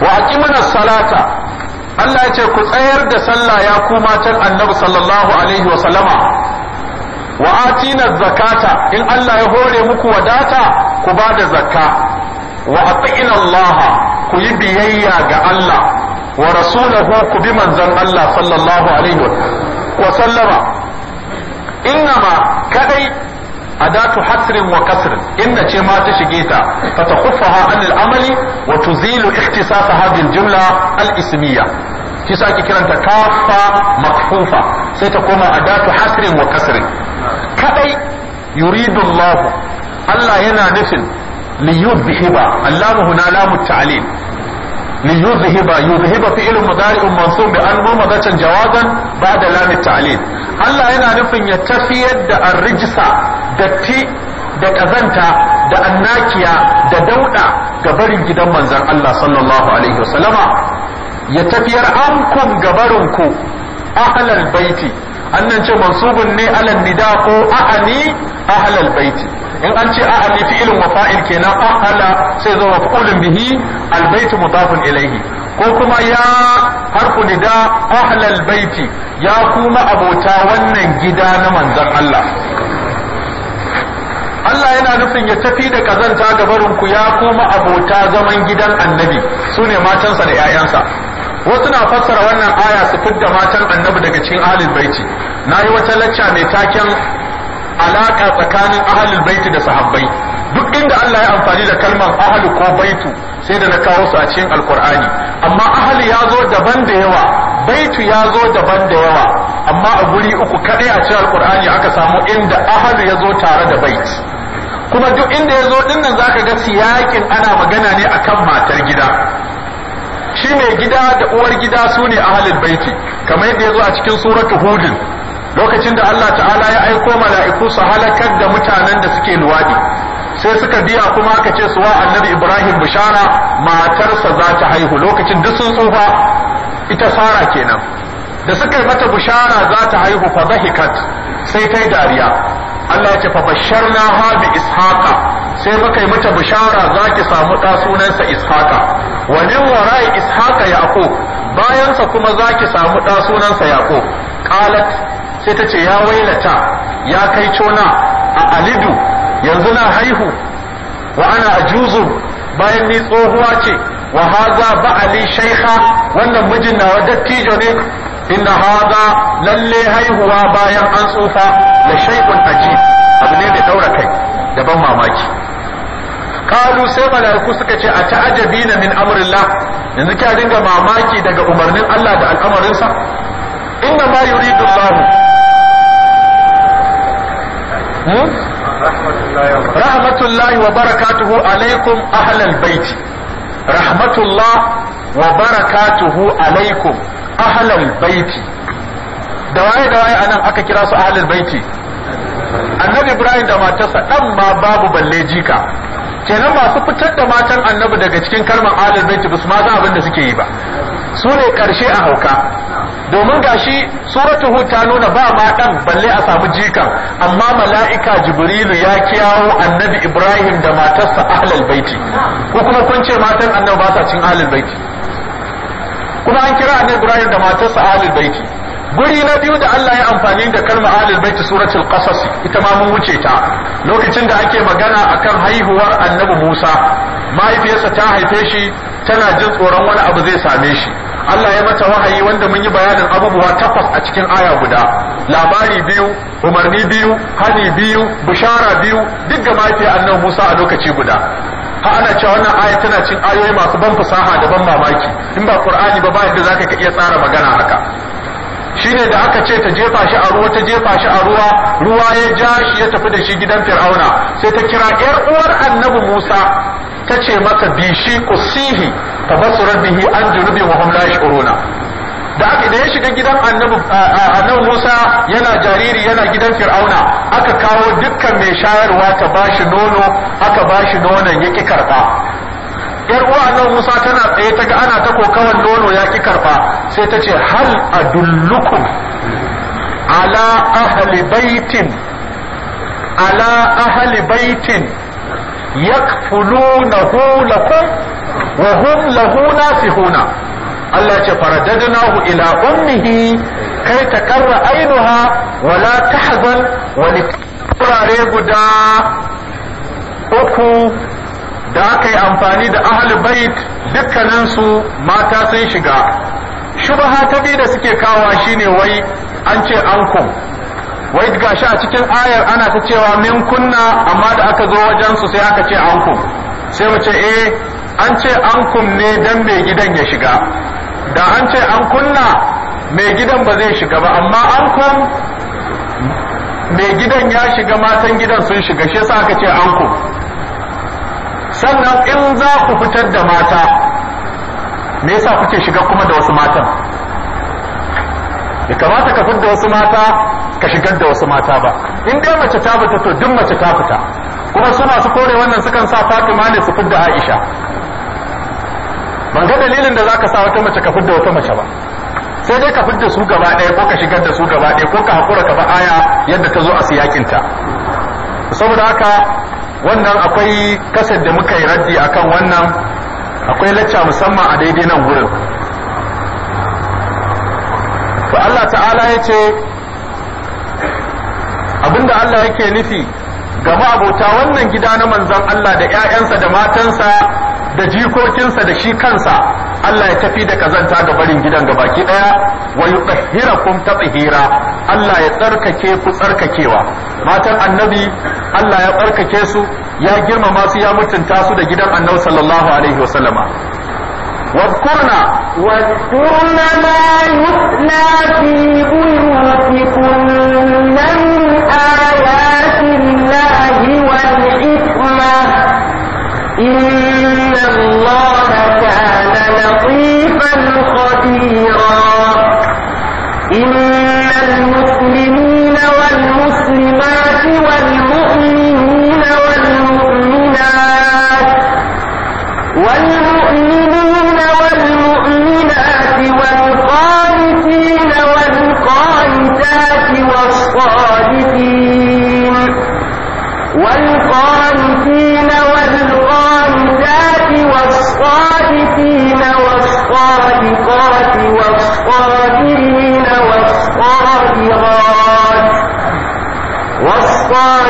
wa mana salata Allah ya ce ku tsayar da sallah ya ku matan annabi sallallahu alaihi wa sallama wa atina zakata in Allah ya hore muku wadata ku ba da zakka wa atina Allah ku yi biyayya ga Allah wa rasulahu ku bi manzon Allah sallallahu alaihi wa sallama innama kadai adatu hasrin wa kasrin inna ce ma ta shige ta fa takhuffaha an al-amali wa tuzilu ikhtisasaha bil jumla al-ismiyya kisa ake kiranta kafa makfufa sai ta koma adatu hasrin wa kasrin kadai yuridu Allah Allah yana nufin liyudhiba Allah huna lamu ta'lil ليذهب يذهب فعل مضارع منصوب بأن مضمضة جوازا بعد لام التعليل الله هنا نفن يتفيد الرجسة دتي da kazanta da annakiya da dauda ga barin gidan manzan Allah sallallahu alaihi wasallama ya tafiyar ankum ga barinku ahlal baiti annan ce mansubun ne alal nida ko a'ani ahlal baiti in an ce a'a ne fi'ilin wa fa'il kenan ahala sai zo maf'ulun bihi albaytu mudafun ilayhi ko kuma ya harfu nida ahla albayti ya kuma abota wannan gida na manzon Allah Allah yana nufin ya tafi da kazanta ga barinku ya kuma abota zaman gidan annabi su ne matansa da 'ya'yansa wasu na fassara wannan aya su fidda matan annabi daga cikin ahlul baiti na yi wata lacca mai taken alaka tsakanin ahalul baiti da sahabbai duk inda Allah ya amfani da kalmar ahalu ko baitu sai da na kawo su a cikin alkur'ani amma ahali ya zo daban da yawa baitu ya zo daban da yawa amma a guri uku kadai a cikin alkur'ani aka samu inda ahalu ya zo tare da baiti kuma duk inda ya zo dinnan zaka ga siyakin ana magana ne akan matar gida shi mai gida da uwar gida su ne ahalul baiti kamar yadda ya zo a cikin suratu Hudun. lokacin da Allah ta'ala ya aiko mala'iku su halakar da mutanen da suke luwadi sai suka biya kuma aka ce suwa annabi Ibrahim bishara matarsa za ta haihu lokacin duk sun tsufa ita Sara kenan da suka yi mata bishara za ta haihu fa dhahikat sai ta yi dariya Allah ya ce fa basharna ha bi ishaqa sai muka yi mata bishara za ki samu ɗa sunansa ishaqa wa min wara'i ishaqa yaqub bayansa kuma za ki samu ɗa sunansa yaqub qalat sai ta ce ya wailata ya kai cona a alidu yanzu na haihu wa ana ajuzu bayan ni tsohuwa ce wa haza ba'ali shaikha wannan mijin na dattijo ne inna haza lalle haihuwa bayan an tsufa da shaikun aji abu ne mai daura kai da ban mamaki kalu sai malaiku suka ce a na min amrillah yanzu kya dinga mamaki daga umarnin Allah da al'amarinsa inna ma yuridu Allah rahmatullahi wa barakatuhu alaikum ahlal baiti rahmatullah wa barakatuhu alaikum ahlal baiti da waye da waye anan aka kira su ahlal baiti annabi ibrahim da matarsa ɗan ma babu balle jika kenan masu fitar da matan annabi daga cikin kalmar ahlul baiti ba su ma abin da suke yi ba su ne karshe a hauka domin gashi suratu hud ta nuna ba ma dan balle a samu jikan amma mala'ika jibrilu ya kiyawo annabi ibrahim da matarsa ahlul baiti ko kuma kun ce matan annabi ba sa cin ahlul baiti kuma an kira annabi ibrahim da matarsa ahlul baiti guri na biyu da Allah ya amfani da kalma ahlul baiti suratul qasas ita ma mun wuce ta lokacin da ake magana akan haihuwar annabi Musa mahaifiyarsa ta haife shi tana jin tsoron wani abu zai same shi Allah ya mata wahayi wanda mun yi bayanin abubuwa takwas a cikin aya guda labari biyu umarni biyu hani biyu bishara biyu duk ga mafi annabi Musa a lokaci guda ha ana cewa wannan aya tana cin ayoyi masu ban fasaha da ban mamaki in ba Qur'ani ba ba yadda zaka iya tsara magana haka shine da aka ce ta jefa shi a ruwa ta jefa shi a ruwa ruwa ya ja shi ya tafi da shi gidan Fir'auna sai ta kira 'yar uwar annabi Musa ta ce masa bishi sihi ta basu bihi an junubi wa la yashuruna da aka da ya shiga gidan annabi annabi Musa yana jariri yana gidan Fir'auna aka kawo dukkan mai shayarwa ta bashi nono aka bashi nonon yaki karba yar uwa annabi Musa tana tsaye ta ga ana ta kokawan nono ya ki karba sai ta ce hal adullukum ala ahli baitin ala ahli baitin yakfulunahu lakum wa hum lahu nasihuna Allah ce faradadnahu ila ummihi kai ta karra ainuha wa la tahzan wa turare guda uku da aka yi amfani da ahlul bait dukkaninsu mata sun shiga shubha ta biyu da suke kawa shine wai an ce ankum wai ga shi a cikin ayar ana ta cewa min kunna amma da aka zo wajen su sai aka ce ankum sai mu ce eh an ce ankum ne dan mai gidan ya shiga da an ce an kunna mai gidan ba zai shiga ba amma ankum mai gidan ya shiga matan gidan sun shiga shi yasa aka ce ankum sannan in za ku fitar da mata me yasa kuke shiga kuma da wasu matan ya kamata ka fitar da wasu mata ka shigar da wasu mata ba in dai mace ta fita to duk mace ta fita kuma suna su kore wannan sukan sa Fatima ne su fidda Aisha ban ga dalilin da zaka sa wata mace ka fidda wata mace ba sai dai ka fidda su gaba ɗaya ko ka shigar da su gaba ɗaya ko ka hakura ka ba aya yadda ta zo a ta. saboda haka wannan akwai kasar da muka yi raddi akan wannan akwai lacca musamman a daidai nan wurin to Allah ta'ala ya ce abinda Allah yake nufi ga abota wannan gida na manzon Allah da ‘ya'yansa da matansa da jikokinsa da shi kansa Allah ya tafi da kazanta ga barin gidan ga baki ɗaya wa yutahhirakum tatheera Allah ya tsarkake ku tsarkakewa matan annabi Allah ya tsarkake su ya girmama su ya mutunta su da gidan annabi sallallahu alaihi wasallama واذكرنا واذكرن ما يتلى في بيوتكن من آيات الله والحكمة إن الله كان لطيفا خبيرا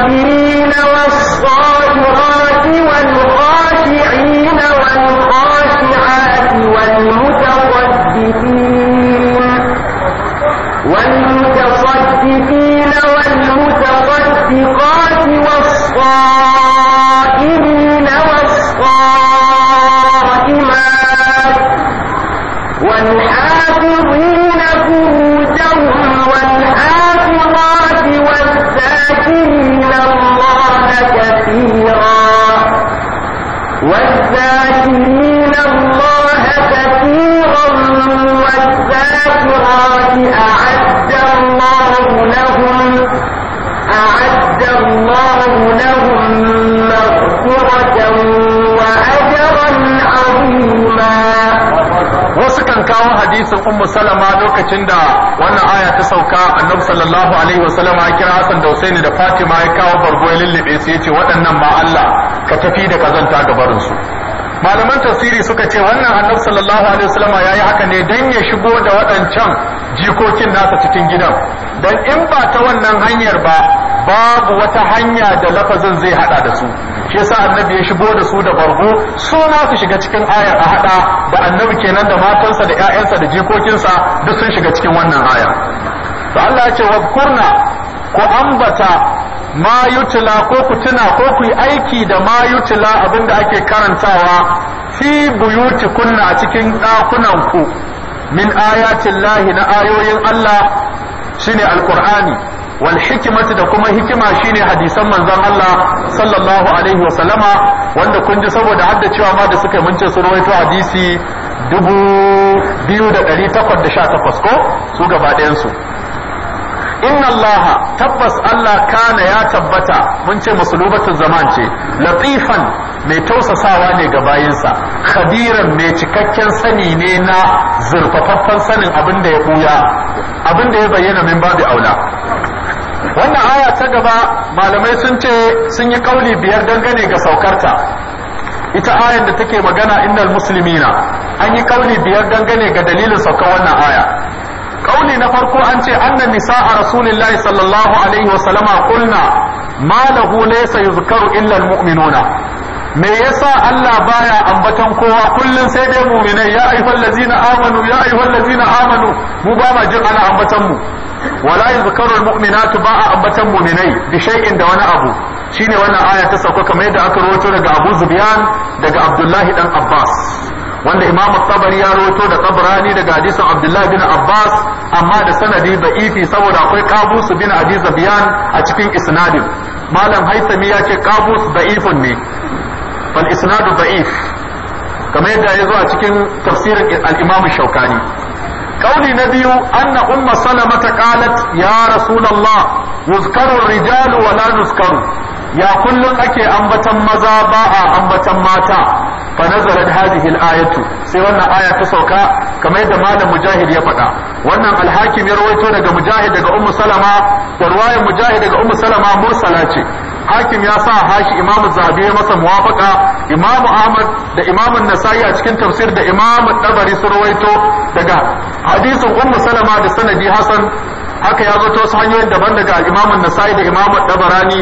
والصابرين والصابرات والخاشعين والخاشعات والمتصدقين والمتصدقين kan kawo hadisin ummu salama lokacin da wannan aya ta sauka annabi sallallahu alaihi wasallam ya kira Hassan da Husaini da Fatima ya kawo bargo ya lullube su yace waɗannan ba Allah ka tafi da kazanta ga barin su malaman tafsiri suka ce wannan annabi sallallahu alaihi wasallam ya yi haka ne dan ya shigo da waɗancan jikokin nasa cikin gidan dan in ba ta wannan hanyar ba babu wata hanya da lafazin zai hada da su shi yasa annabi ya shigo da su da bargo su ma su shiga cikin ayar a hada da annabi kenan da matansa da ƴaƴansa da jikokinsa duk sun shiga cikin wannan aya to Allah ya ce kurna ku ambata ma yutla ko ku tuna ko ku yi aiki da ma yutla abinda ake karantawa fi kunna a cikin ɗakunan ku min ayatin lahi na ayoyin Allah shine alkur'ani wal hikimati da kuma hikima shine hadisan manzon Allah sallallahu alaihi wa sallama wanda kun ji saboda hadda cewa ma da suka mun ce sun rawaito hadisi dubu da ɗari takwas da ko su gaba su inna Allah tabbas Allah kana ya tabbata mun ce musulubatul zaman ce latifan mai tausasawa ne ga bayinsa khabiran mai cikakken sani ne na zurfafaffen sanin abin da ya buya abin da ya bayyana min babu aula wannan aya ta gaba malamai sun ce sun yi kauli biyar dangane ga saukarta ita ayan da take magana innal muslimina an yi kauli biyar dangane ga dalilin saukar wannan aya kauli na farko an ce annan a rasulillahi sallallahu alaihi wa sallama kulna ma lahu laysa yuzkaru illa almu'minuna me yasa Allah baya ambaton kowa kullun sai dai mu'minai ya ayyuhallazina amanu ya ayyuhallazina amanu mu ba ma jin ana ambaton mu wala yuzkaru almu'minatu ba a ambatan mu'minai bi shay'in da wani abu shine wannan aya ta sauka kamar da aka rawaito daga Abu Zubyan daga Abdullahi dan Abbas wanda Imam Tabari ya rawaito da Tabrani daga hadisin Abdullahi bin Abbas amma da sanadi ba'ifi saboda akwai Qabus bin Abi Zubyan a cikin isnadin malam Haitami ya ce Qabus da'ifun ne fal isnadu da'if kamar ya zo a cikin tafsirin al'imamin imam قولي نبي أن أم سلمة قالت يا رسول الله يذكر الرجال ولا نذكر يا كل أكي أنبتا مزا باء أنبتا ماتا فنزلت هذه الآية سيوانا آية تسوكا كما يدى مال مجاهد يفتا وانا الحاكم يرويتو لك مجاهد لك أم سلمة ورواية مجاهد لك أم سلمة مرسلة hakim ya sa hashi imamu zabi ya masa muwafaka imamu ahmad da imamu nasa'i a cikin tafsir da imamu tabari su rawaito daga hadisin ummu salama da sanadi Hassan haka ya zo ta wasu hanyoyin daban daga imamu nasa'i da imamu tabarani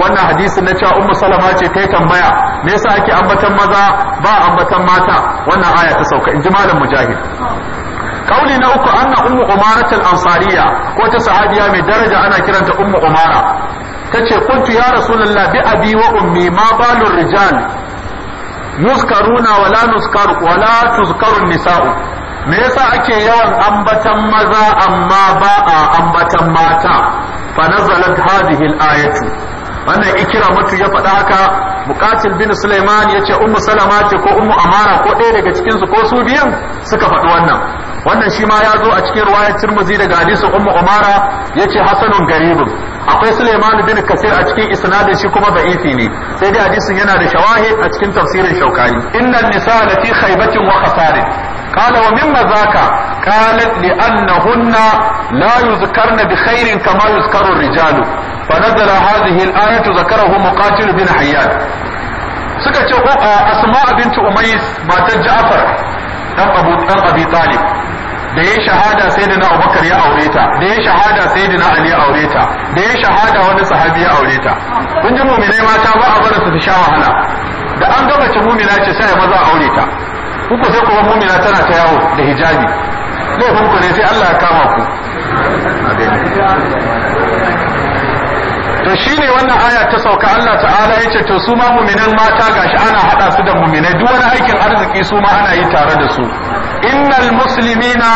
wannan hadisin na cewa ummu salama ce yi tambaya me yasa ake ambatan maza ba ambatan mata wannan aya ta sauka inji malam mujahid kauli na uku anna ummu umara al-ansariya ko ta sahabiya mai daraja ana kiranta ummu umara ce kuntu ya rasulullah bi abi wa ummi ma balur rijal yuzkaruna wala nuskar wala nisa'u me yasa ake yawan ambatan maza amma ba a ambatan mata fa nazalat hadhihi al-ayatu wannan ikira mutu ya faɗa haka bukatil bin sulaiman ya ce ummu salama ce ko ummu amara ko ɗaya daga cikinsu ko su biyan suka faɗi wannan wannan shi ma ya zo a cikin ruwayar tirmidhi daga hadisin ummu amara ya ce hasanun garibin akwai Suleiman bin Kasir a cikin isnadin shi kuma da'ifi ne sai dai hadisin yana da shawahid a cikin tafsirin Shawkani innan nisa da fi khaybatin wa khasarin qala wa mimma zaka qala li annahunna la yuzkarna bi khairin kama yuzkaru Rijalu. rijal fa nazala hadhihi al-ayatu zakarahu bin hayyan suka ce ko asma bint umays matar ja'far dan abu dan abi talib da ya shahada sai da na abubakar ya aure ta da ya shahada sai da na ali ya aure ta da ya shahada wani sahabi ya aure ta kun ji muminai mata ba a bar su sha wahala da an ga ci mumina ce sai maza a aure ta Kuka sai kuma mumina tana ta yawo da hijabi laifin ku ne sai Allah ya kama ku to shine wannan aya ta sauka Allah ta'ala ya ce to su ma muminan mata gashi ana hada su da muminai duk wani aikin arziki su ma ana yi tare da su innal muslimina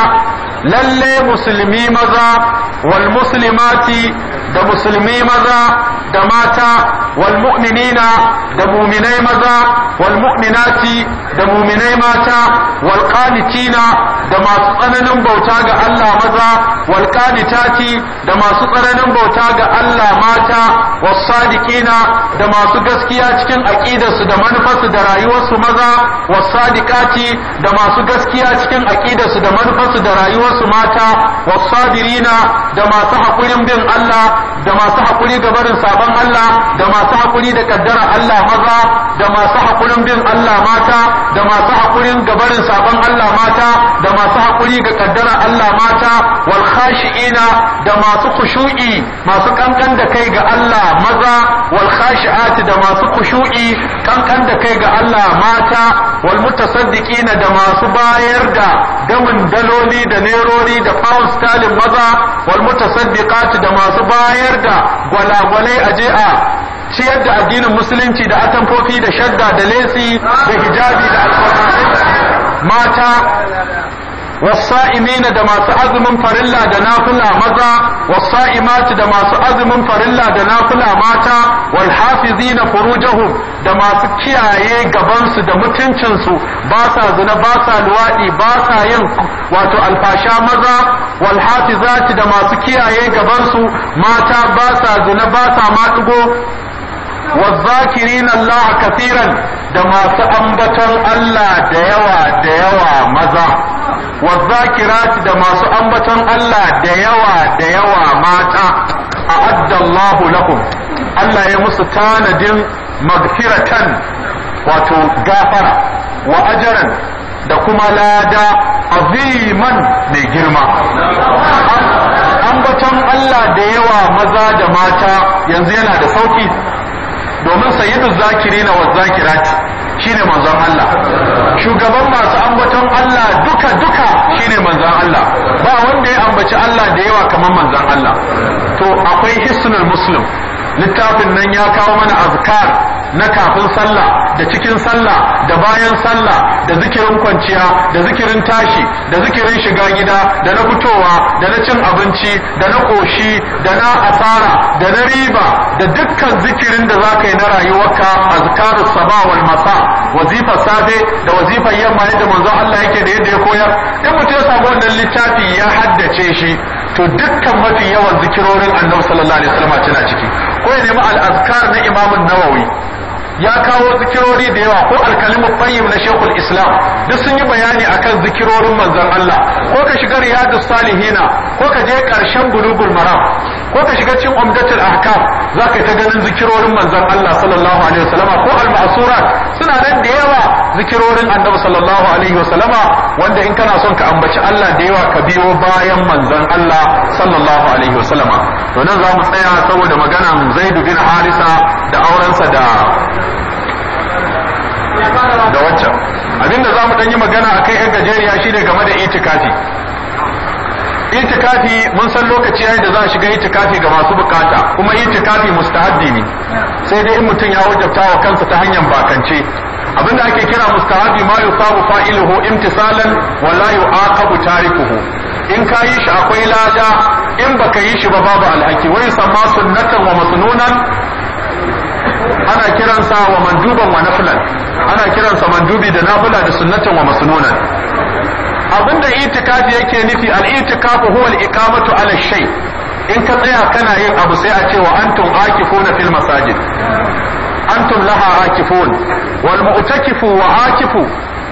lalle musulmi maza walmusulmati da musulmi maza da mata walmuminina da muminai maza Walmuminati da muminai mata wal da masu tsananin bauta ga Allah maza wal da masu tsananin bauta ga Allah mata was da masu gaskiya cikin aqidarsu da manufarsu da rayuwarsu maza was da masu gaskiya cikin aƙidasu da manufarsu da rayuwarsu masu mata wasabirina da masu haƙurin bin Allah da masu haƙuri ga barin sabon Allah da masu haƙuri da kaddara Allah maza da masu haƙurin bin Allah mata da masu haƙurin da barin sabon Allah mata da masu haƙuri ga kaddara Allah mata wal khashi'ina da masu khushu'i masu kankan da kai ga Allah maza wal khashi'ati da masu khushu'i kankan da kai ga Allah mata wal mutasaddiqina da masu bayar da damin daloli da ne nairori da pound sterling maza wal mutasaddiqati da masu bayar da gwalagwalai a je a ciyar da addinin musulunci da atamfofi da shadda da lesi da hijabi da alfarmatai mata والصائمين da masu azumin farilla da nafila maza والصائمات da masu azumin farilla da nafila mata والحافظين فروجهم da masu kiyaye gabansu da mutuncinsu ba sa zina ba sa luwaɗi ba sa yin wato alfasha maza walhafizati da masu kiyaye gabansu mata ba sa zina ba sa maɗigo والذاكرين a kasiran da masu ambaton Allah da yawa da yawa maza والذاكرات da masu ambaton Allah da yawa da yawa mata a'adda Allah lahum Allah ya musu tanadin magfiratan wato gafar wa da kuma lada aziman mai girma Ambatan Allah da yawa maza da mata yanzu yana da sauƙi. domin sayyidu zakirina wa zakirati shine manzon Allah shugaban masu ambaton Allah duka duka shine manzon Allah ba wanda ya ambaci Allah da yawa kamar manzon Allah to akwai hisnul muslim littafin nan ya kawo mana azkar na kafin sallah da cikin sallah da bayan sallah da zikirin kwanciya da zikirin tashi da zikirin shiga gida da na fitowa da na cin abinci da na koshi da na asara da na riba da dukkan zikirin da zaka yi na rayuwarka azkarus sabah wal masa wazifar safe da wazifar yamma yadda manzo Allah yake da yadda ya koyar in mutum ya samu wannan littafi ya haddace shi to dukkan mafi yawan zikirorin annabi sallallahu alaihi wasallam tana ciki ko ya nemi al-azkar na Imam Nawawi ya kawo zikirori da yawa ko alkalimu tayyib na shekul islam duk sun yi bayani akan zikirorin manzan Allah ko ka shiga Riyadu salihina ko ka je karshen bulugul maram ko ka shiga cikin umdatul ahkam za ka ta ganin zikirorin manzan Allah sallallahu alaihi wasallam ko al suna nan da yawa zikirorin annabi sallallahu alaihi wasallam wanda in kana son ka ambaci Allah da yawa ka biyo bayan manzan Allah sallallahu alaihi wasallam to nan za mu tsaya saboda maganan Zaid bin Harisa da aurensa da da waccan abinda za mu yi magana a kai 'yan gajeriya shine game da itikafi itikafi mun san lokaci yayin da za a shiga itikafi ga masu bukata kuma itikafi mustahabbi ne sai dai in mutum ya wajabta wa kansa ta hanyar bakance abinda ake kira mustahabbi ma yusabu fa'iluhu imtisalan wa la yu'aqabu tarikuhu in ka yi shi akwai lada in baka yi shi ba babu alhaki wai samma sunnatan wa masnunan ana kiransa wa manduban wa nafilan ana kiransa mandubi da nafila da sunnatan wa masnunan abinda itikafi yake nufi al-itikafu huwa al-iqamatu ala shay in ka tsaya kana yin abu sai a ce wa antum aqifuna fil masajid antum laha aqifun wal mu'takifu wa aqifu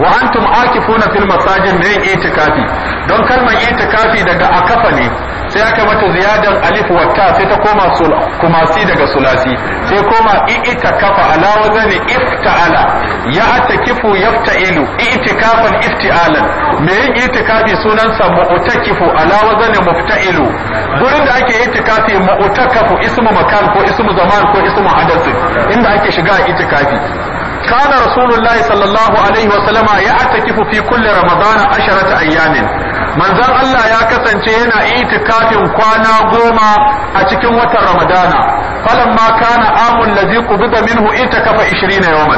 wa antum aqifuna fil masajid min itikafi don kalmar itikafi daga akafa ne sai aka mata ziyadar alif wa ta sai ta koma kumasi daga sulasi sai koma i'ita kafa ala wazani ifta'ala ya atakifu yafta'ilu i'tikafan ifti'alan me yin i'tikafi sunansa mu'takifu ala wazani mufta'ilu gurin da ake i'tikafi mu'takafu ismu makan ko ismu zaman ko ismu hadasin inda ake shiga i'tikafi كان رسول الله صلى الله عليه وسلم يعتكف في كل رمضان عشرة أيام من ذا الله يا كسن جينا اعتكاف قانا قوما أتكم وتر رمضان فلما كان عام الذي قبض منه اعتكف عشرين يوما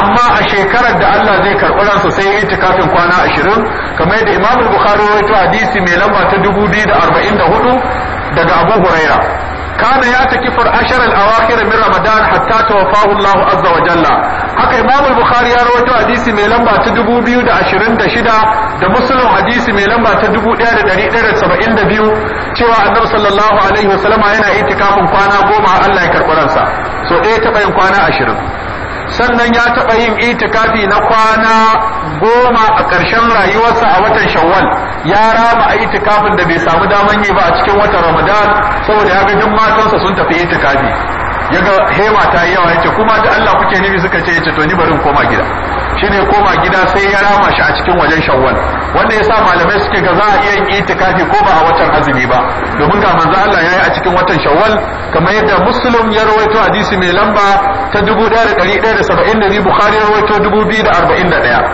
أما أشيكرا دا الله ذكر قلن سي اعتكاف قانا عشرين كما يدى إمام البخاري ويتو حديثي ميلما تدبو دي دا أربعين دا هدو دا أبو هريرة kana ya taki fur ashar al-awakhir min ramadan hatta tawafahu Allah azza wa jalla haka imam al-bukhari ya rawaito hadisi mai lamba ta 2026 da muslim hadisi mai lamba ta 1172 cewa annabi sallallahu alaihi wasallama yana itikafin kwana goma a Allah ya karɓi ransa so ɗaya taɓa yin kwana ashirin sannan ya taɓa yin itikafi na kwana goma a ƙarshen rayuwarsa a watan shawwal ya rama a itikafin da bai samu daman yi ba a cikin watan ramadan saboda ya ga duk matansa sun tafi itikafi yaga hewa ta yi yawa ya ce kuma da Allah kuke nufi suka ce ya ce to ni barin koma gida Shi ne koma gida sai ya rama shi a cikin wajen shawwal wanda ya sa malamai suke ga za a iya yin itikafi ko ba a watan azumi ba domin ga manzo Allah ya yi a cikin watan shawwal kamar yadda muslim ya rawaito hadisi mai lamba ta da bukhari ya rawaito 2041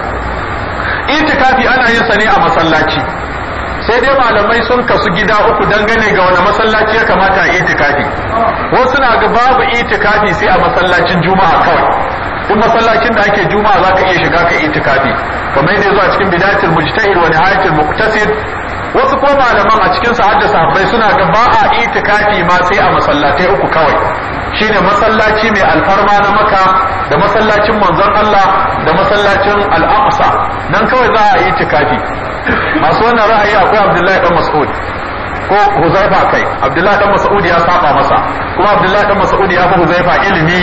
itikafi ana yin sa ne a masallaci sai dai malamai sun kasu gida uku dangane ga wani masallaci ya kamata a itikafi wasu na ga babu itikafi sai a masallacin juma'a kawai in masallacin da ake juma'a za ka iya shiga ka itikafi kamar yadda zuwa cikin bidatul mujtahid wa nihayatul muqtasid wasu ko malaman a cikin sa'adda sahabbai suna ga ba a itikafi ma sai a masallatai uku kawai shine masallaci mai alfarma na maka da masallacin manzon Allah da masallacin al nan kawai za a itikafi masu wannan ra'ayi akwai abdullahi dan mas'ud ko Huzaifa kai Abdullahi dan Mas'ud ya saba masa kuma Abdullahi dan Mas'ud ya fi Huzaifa ilimi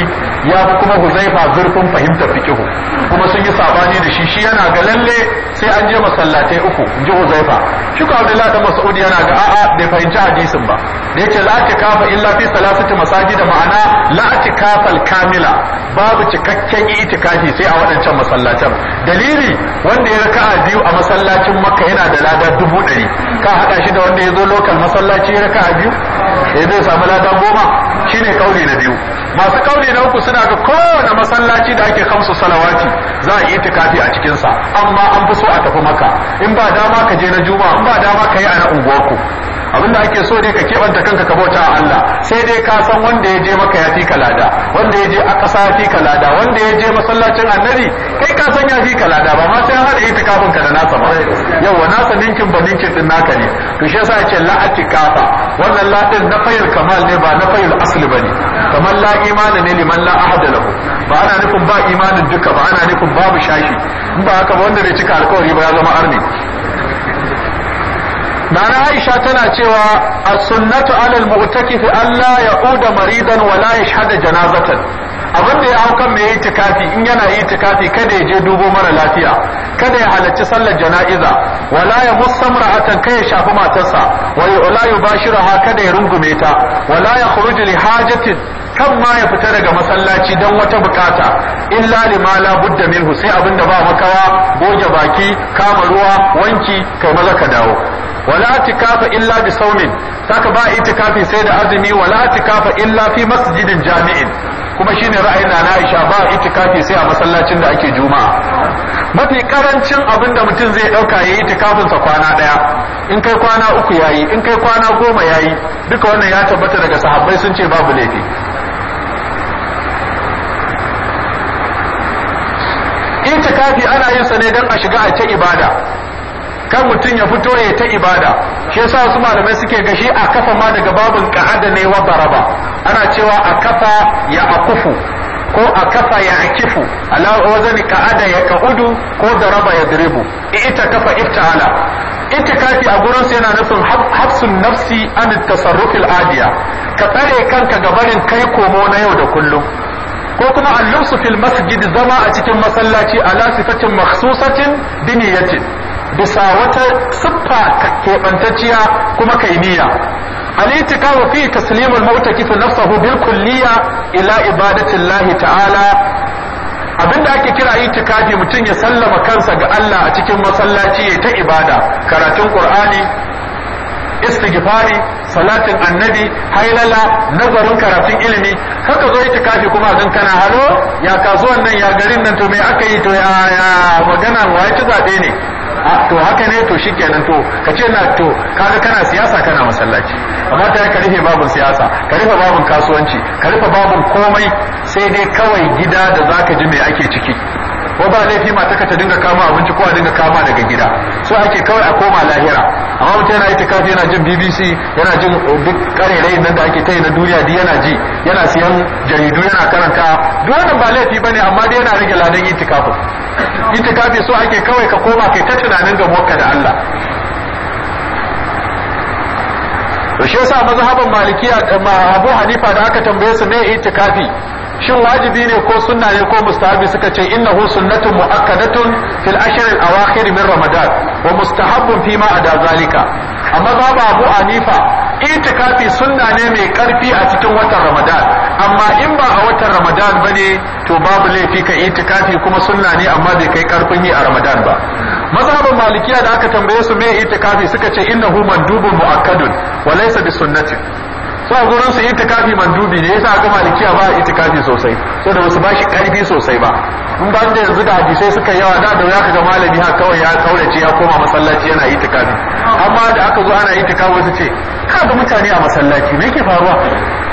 ya fi kuma Huzaifa zurfin fahimtar fikihu kuma sun yi sabani da shi shi yana ga lalle sai an je masallatai uku in ji Huzaifa shi ko Abdullahi dan Mas'ud yana ga a'a bai fahimci hadisin ba da yake la kafa illa fi salasati masajid ma'ana la al kamila babu cikakken itikafi sai a waɗancan masallatan dalili wanda ya raka'a biyu a masallacin Makka yana da lada dubu ɗari ka haɗa shi da wanda ya zo lokacin sallar masallaci raka a biyu ya eh, zai sami lada goma Shi ne kauli na biyu masu kauli na uku suna ga kowane masallaci da ake kamsu salawati za a yi tikafi a cikinsa. amma an fi so a tafi maka in ba dama ka je na juma'a in ba dama ka yi a na unguwarku Abin da ake so dai ka keɓanta kanka ka bauta Allah sai dai ka san wanda ya je maka ya fi wanda ya je a ƙasa ya fi wanda ya je masallacin annabi kai ka san ya fi ka ba ma sai har ita kafin ka da nasa ba yawa nasa ninkin ba ninkin din naka ne to shi yasa yace la kafa wannan din na fayil kamal ne ba na fayil asli bane kamar la imani ne liman la ahada lahu ba ana nufin ba imanin duka ba ana nufin babu shashi in ba haka ba wanda bai cika alƙawari ba ya zama arni nana aisha tana cewa as-sunnatu 'ala al-mu'takif alla ya'uda maridan wa la yashhada janazatan abin da ya hau kan mai itikafi in yana yi itikafi kada ya je dubo mara lafiya kada ya halarci sallar jana'iza wala ya musamra atan kai ya shafi matarsa wa la ha kada ya rungume ta wala ya khuruj li hajatin kan ma ya fita daga masallaci don wata bukata illa lima la budda minhu sai abin da ba makawa goge baki kama ruwa wanki kai maza ka dawo wala tikafa illa bi saumin saka ba itikafi sai da azumi wala tikafa illa fi masjidin jami'in kuma shine ra'ayin na Aisha ba itikafi sai a masallacin da ake juma'a mafi karancin abin da mutum zai dauka yayi itikafin sa kwana daya in kai kwana uku yayi in kai kwana goma yayi duka wannan ya tabbata daga sahabbai sun ce babu laifi itikafi ana yin sa ne dan a shiga a ta ibada kan mutum ya fito ya ta ibada shi yasa wasu malamai suke gashi a kafa ma daga babin ka'ada ne wa baraba ana cewa a kafa ya akufu ko a kafa ya akifu ala wazani ka'ada ya ka'udu ko daraba ya diribu ita kafa ifta'ala itikafi a gurin yana nufin hafsun nafsi an tasarrufil adiya ka tsare kanka gabanin kai komo na yau da kullum ko kuma al-lumsu fil masjid zama a cikin masallaci ala sifatin makhsusatin bi bisa wata siffa keɓantacciya kuma kai niyya al-itikafu fi taslimu al-mawtakif nafsahu bil kulliya ila ibadati Allah ta'ala abinda ake kira itikafi mutum ya sallama kansa ga Allah a cikin masallaci ya ta ibada karatun Qur'ani istighfari salatin annabi hailala nazarin karatun ilimi haka zo ita kafi kuma zan kana halo ya kasuwan nan ya garin nan to me aka yi to ya ya magana wa ci zabe ne to haka ne to shikenan to ka ce na to kaga kana siyasa kana masallaci amma ta ka rufe babun siyasa ka rufe babun kasuwanci ka rufe babun komai sai dai kawai gida da zaka ji me ake ciki ko ba laifi mata ka ta dinga kama abinci ko a dinga kama daga gida so ake kawai a koma lahira amma mutum yana itikafi yana jin BBC yana jin uh, duk karerayin nan da ake ta na duniya duk yana ji yana siyan jaridu yana karanta duk wannan ba laifi bane amma dai yana rage ladan itikafin itikafi so ake kawai ka koma kai ta tunanin gamuwarka da Allah to shi yasa mazhaban malikiya eh, Abu Hanifa da aka tambaye su me itikafi shin wajibi ne ko sunna ne ko mustahabi suka ce innahu sunnatun muakkadatun fil ashr al awakhir min ramadan wa mustahabbun fi ma ada zalika amma babu abu anifa itikafi sunna ne mai karfi a cikin watan ramadan amma in ba a watan ramadan ba ne to babu laifi ka itikafi kuma sunna ne amma bai kai karfin yi a ramadan ba mazhabin malikiya da aka tambaye su mai itikafi suka ce innahu mandubun muakkadun wa laysa bi so a gurin su itikafi mandubi ne yasa ga malikiya ba itikafi sosai so da wasu shi karfi sosai ba in ba da yanzu da hadisai suka yawa da da zaka ga malami ha kawai ya kaurace ya koma masallaci yana itikafi amma da aka zo ana itikafi wasu ce ka ga mutane a masallaci me yake faruwa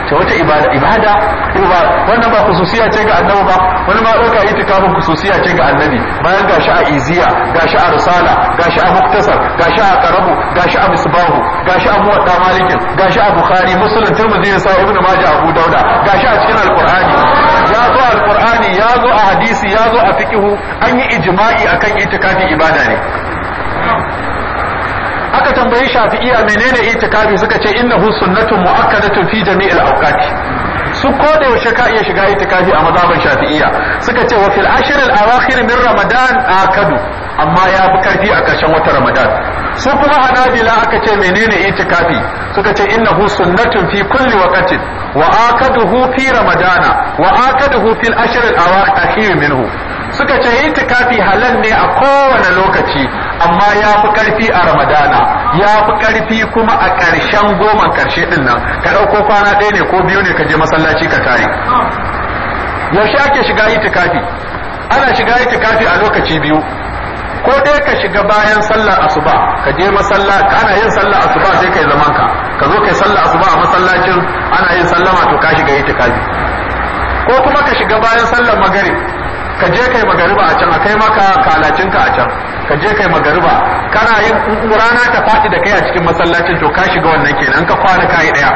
ce wata ibada ibada ko ba wannan ba ce ga annabi ba wani ma dauka itikafin kususiya ce ga annabi bayan gashi a iziya gashi a risala gashi a muktasar gashi a karabu gashi a misbahu gashi a muwatta malikin gashi a bukhari muslim tirmidhi ya sa ibn majah abu dauda gashi a cikin alqur'ani ya zo alqur'ani ya zo a hadisi ya zo a fiqhu an yi ijma'i akan itikadi ibada ne aka tambayi shafi'iya menene itikafi suka ce hu sunnatun mu'akkadatun fi jami'il awqati su ko da yaushe ka iya shiga itikafi a mazhaban shafi'iya suka ce wa fil ashr al awakhir min ramadan akadu amma ya fi karfi a karshen watan ramadan su kuma hanabila aka ce menene itikafi suka ce innahu sunnatun fi kulli waqtin wa akaduhu fi ramadana wa akaduhu fil ashr al awakhir minhu suka ce itikafi halal ne a kowane lokaci amma ya fi karfi a ramadana ya fi karfi kuma a ƙarshen goma ƙarshe ɗin nan ka ɗauko kwana ɗaya ne ko biyu ne ka je masallaci ka kare yaushe ake shiga itikafi ana shiga itikafi a lokaci biyu ko dai ka shiga bayan sallar asuba ka je masalla ana yin sallar asuba sai kai zaman ka ka zo kai sallar asuba a masallacin ana yin sallama to ka shiga itikafi ko kuma ka shiga bayan sallar magrib ka je kai magariba a can a kai maka kalacinka a can ka je kai magariba kana yin rana ta faɗi da kai a cikin masallacin to ka shiga wannan kenan ka kwana kai daya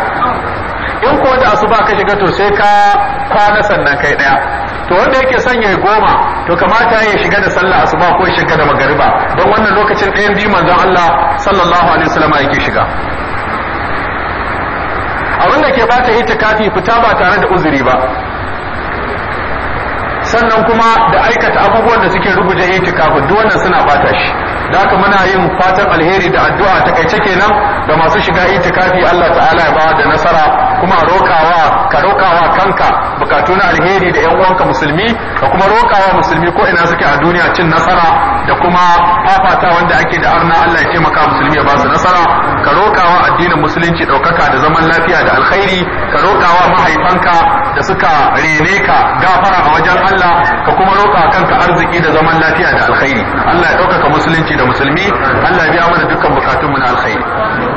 in ko da asuba ka shiga to sai ka kwana sannan kai daya to wanda yake son ya goma to kamata ya shiga da sallah asuba ko ya shiga da magariba don wannan lokacin ɗayan biyu manzon Allah sallallahu alaihi wasallam yake shiga abin da ke bata itikafi fita ba tare da uzuri ba sannan kuma da aikata abubuwan da suke rubuta itikafin duk wannan suna bata shi da haka muna yin fatan alheri da addu'a ta takaice kenan da masu shiga itikafi Allah ta'ala ya ba da nasara kuma rokawa ka rokawa kanka bukatu na alheri da yan uwanka musulmi ka kuma rokawa musulmi ko ina suke a duniya cin nasara da kuma fafata wanda ake da arna Allah ya taimaka musulmi ya ba su nasara ka rokawa addinin musulunci daukaka da zaman lafiya da alkhairi ka rokawa mahaifanka da suka rene ka gafara a wajen Allah Allah ka kuma roƙa kanka arziki da zaman lafiya da alkhairi Allah ya ɗaukaka musulunci da musulmi Allah ya biya mana dukkan bukatunmu na alkhairi